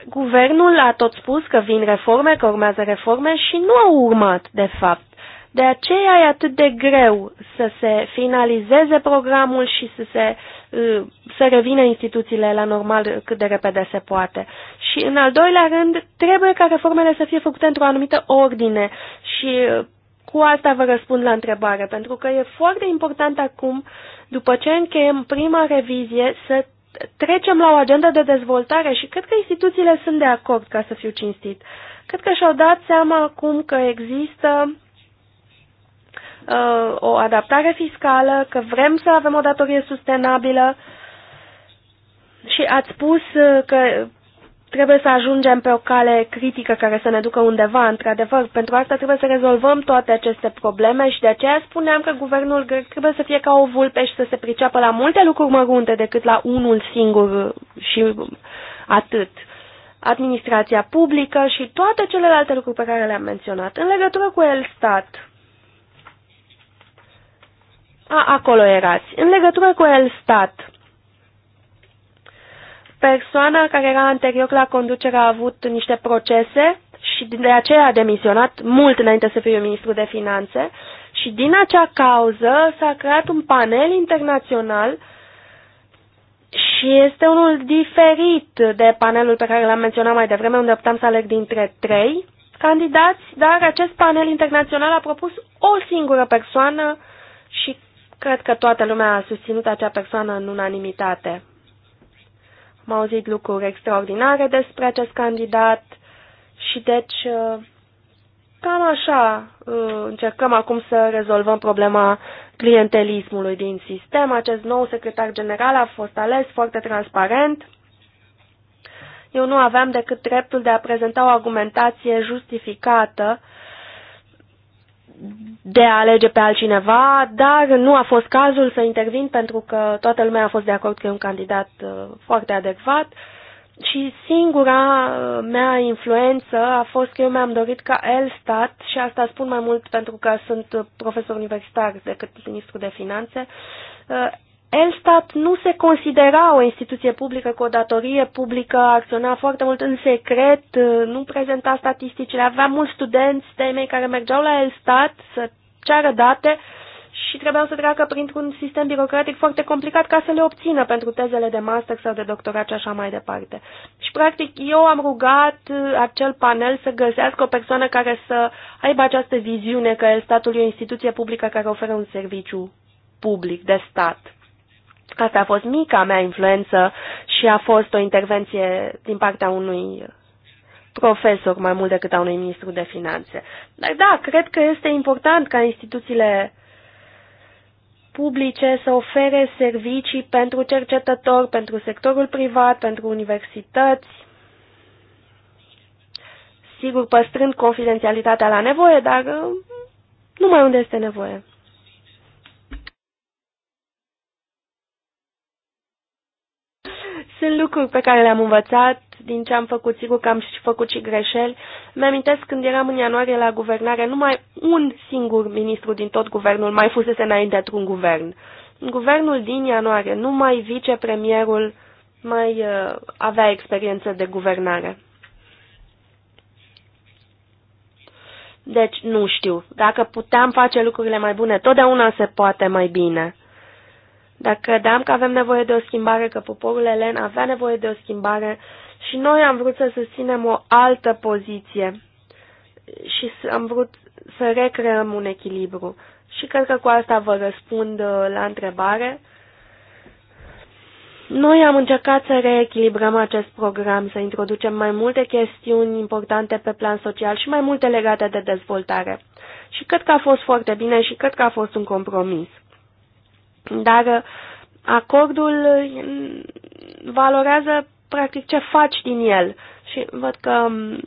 Speaker 1: Guvernul a tot spus că vin reforme, că urmează reforme și nu au urmat, de fapt. De aceea e atât de greu să se finalizeze programul și să, se, uh, să revină instituțiile la normal cât de repede se poate. Și în al doilea rând, trebuie ca reformele să fie făcute într-o anumită ordine și uh, cu asta vă răspund la întrebare, pentru că e foarte important acum, după ce încheiem prima revizie, să trecem la o agendă de dezvoltare și cred că instituțiile sunt de acord, ca să fiu cinstit. Cred că și-au dat seama acum că există uh, o adaptare fiscală, că vrem să avem o datorie sustenabilă și ați spus uh, că Trebuie să ajungem pe o cale critică care să ne ducă undeva, într-adevăr. Pentru asta trebuie să rezolvăm toate aceste probleme și de aceea spuneam că guvernul grec trebuie să fie ca o vulpe și să se priceapă la multe lucruri mărunte decât la unul singur și atât. Administrația publică și toate celelalte lucruri pe care le-am menționat. În legătură cu el stat, a, acolo erați. În legătură cu el stat, Persoana care era anterior la conducere a avut niște procese și de aceea a demisionat mult înainte să fie ministru de finanțe și din acea cauză s-a creat un panel internațional și este unul diferit de panelul pe care l-am menționat mai devreme, unde optam să aleg dintre trei candidați, dar acest panel internațional a propus o singură persoană și cred că toată lumea a susținut acea persoană în unanimitate. Am auzit lucruri extraordinare despre acest candidat și deci uh, cam așa uh, încercăm acum să rezolvăm problema clientelismului din sistem. Acest nou secretar general a fost ales foarte transparent. Eu nu aveam decât dreptul de a prezenta o argumentație justificată de a alege pe altcineva, dar nu a fost cazul să intervin pentru că toată lumea a fost de acord că e un candidat uh, foarte adecvat și singura uh, mea influență a fost că eu mi-am dorit ca Elstat, și asta spun mai mult pentru că sunt profesor universitar decât ministru de finanțe, uh, Elstat nu se considera o instituție publică cu o datorie publică, acționa foarte mult în secret, nu prezenta statisticile, avea mulți studenți de mei care mergeau la Elstat să ceară date și trebuiau să treacă printr-un sistem birocratic foarte complicat ca să le obțină pentru tezele de master sau de doctorat și așa mai departe. Și practic eu am rugat uh, acel panel să găsească o persoană care să aibă această viziune că statul e o instituție publică care oferă un serviciu public de stat. Asta a fost mica mea influență și a fost o intervenție din partea unui profesor mai mult decât a unui ministru de finanțe. Dar da, cred că este important ca instituțiile publice să ofere servicii pentru cercetători, pentru sectorul privat, pentru universități, sigur păstrând confidențialitatea la nevoie, dar uh, numai unde este nevoie. Sunt lucruri pe care le-am învățat din ce am făcut, sigur că am și făcut și greșeli. Mi-amintesc când eram în ianuarie la guvernare, numai un singur ministru din tot guvernul mai fusese înainte într-un guvern. Guvernul din ianuarie, numai vicepremierul mai uh, avea experiență de guvernare. Deci, nu știu. Dacă puteam face lucrurile mai bune, totdeauna se poate mai bine. Dacă credeam că avem nevoie de o schimbare, că poporul elen avea nevoie de o schimbare și noi am vrut să susținem o altă poziție și am vrut să recreăm un echilibru. Și cred că cu asta vă răspund uh, la întrebare. Noi am încercat să reechilibrăm acest program, să introducem mai multe chestiuni importante pe plan social și mai multe legate de dezvoltare. Și cred că a fost foarte bine și cred că a fost un compromis. Dar uh, acordul mm, valorează practic ce faci din el. Și văd că mm,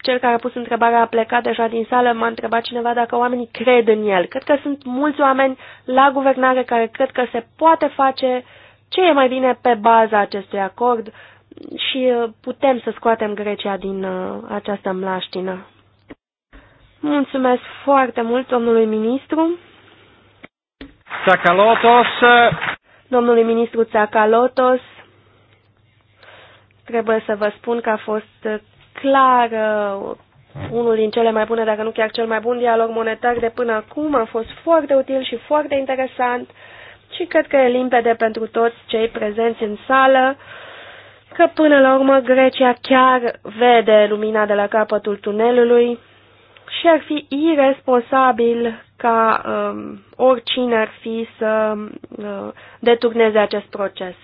Speaker 1: cel care a pus întrebarea a plecat deja din sală, m-a întrebat cineva dacă oamenii cred în el. Cred că sunt mulți oameni la guvernare care cred că se poate face ce e mai bine pe baza acestui acord și uh, putem să scoatem Grecia din uh, această mlaștină. Mulțumesc foarte mult, domnului ministru.
Speaker 2: Tsakalotos. Eh,
Speaker 1: Domnului ministru Tsakalotos, trebuie să vă spun că a fost eh, clar eh, unul din cele mai bune, dacă nu chiar cel mai bun dialog monetar de până acum. A fost foarte util și foarte interesant și cred că e limpede pentru toți cei prezenți în sală că până la urmă Grecia chiar vede lumina de la capătul tunelului și ar fi irresponsabil ca uh, oricine ar fi să uh, deturneze acest proces.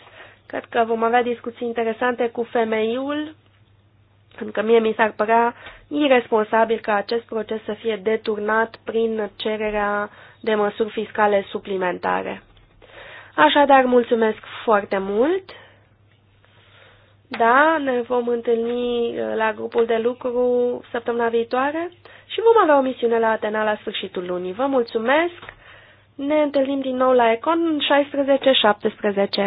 Speaker 1: Cred că vom avea discuții interesante cu femeiul, pentru că mie mi s-ar părea irresponsabil ca acest proces să fie deturnat prin cererea de măsuri fiscale suplimentare. Așadar, mulțumesc foarte mult! Da, ne vom întâlni uh, la grupul de lucru săptămâna viitoare și vom avea o misiune la Atena la sfârșitul lunii. Vă mulțumesc! Ne întâlnim din nou la Econ 16-17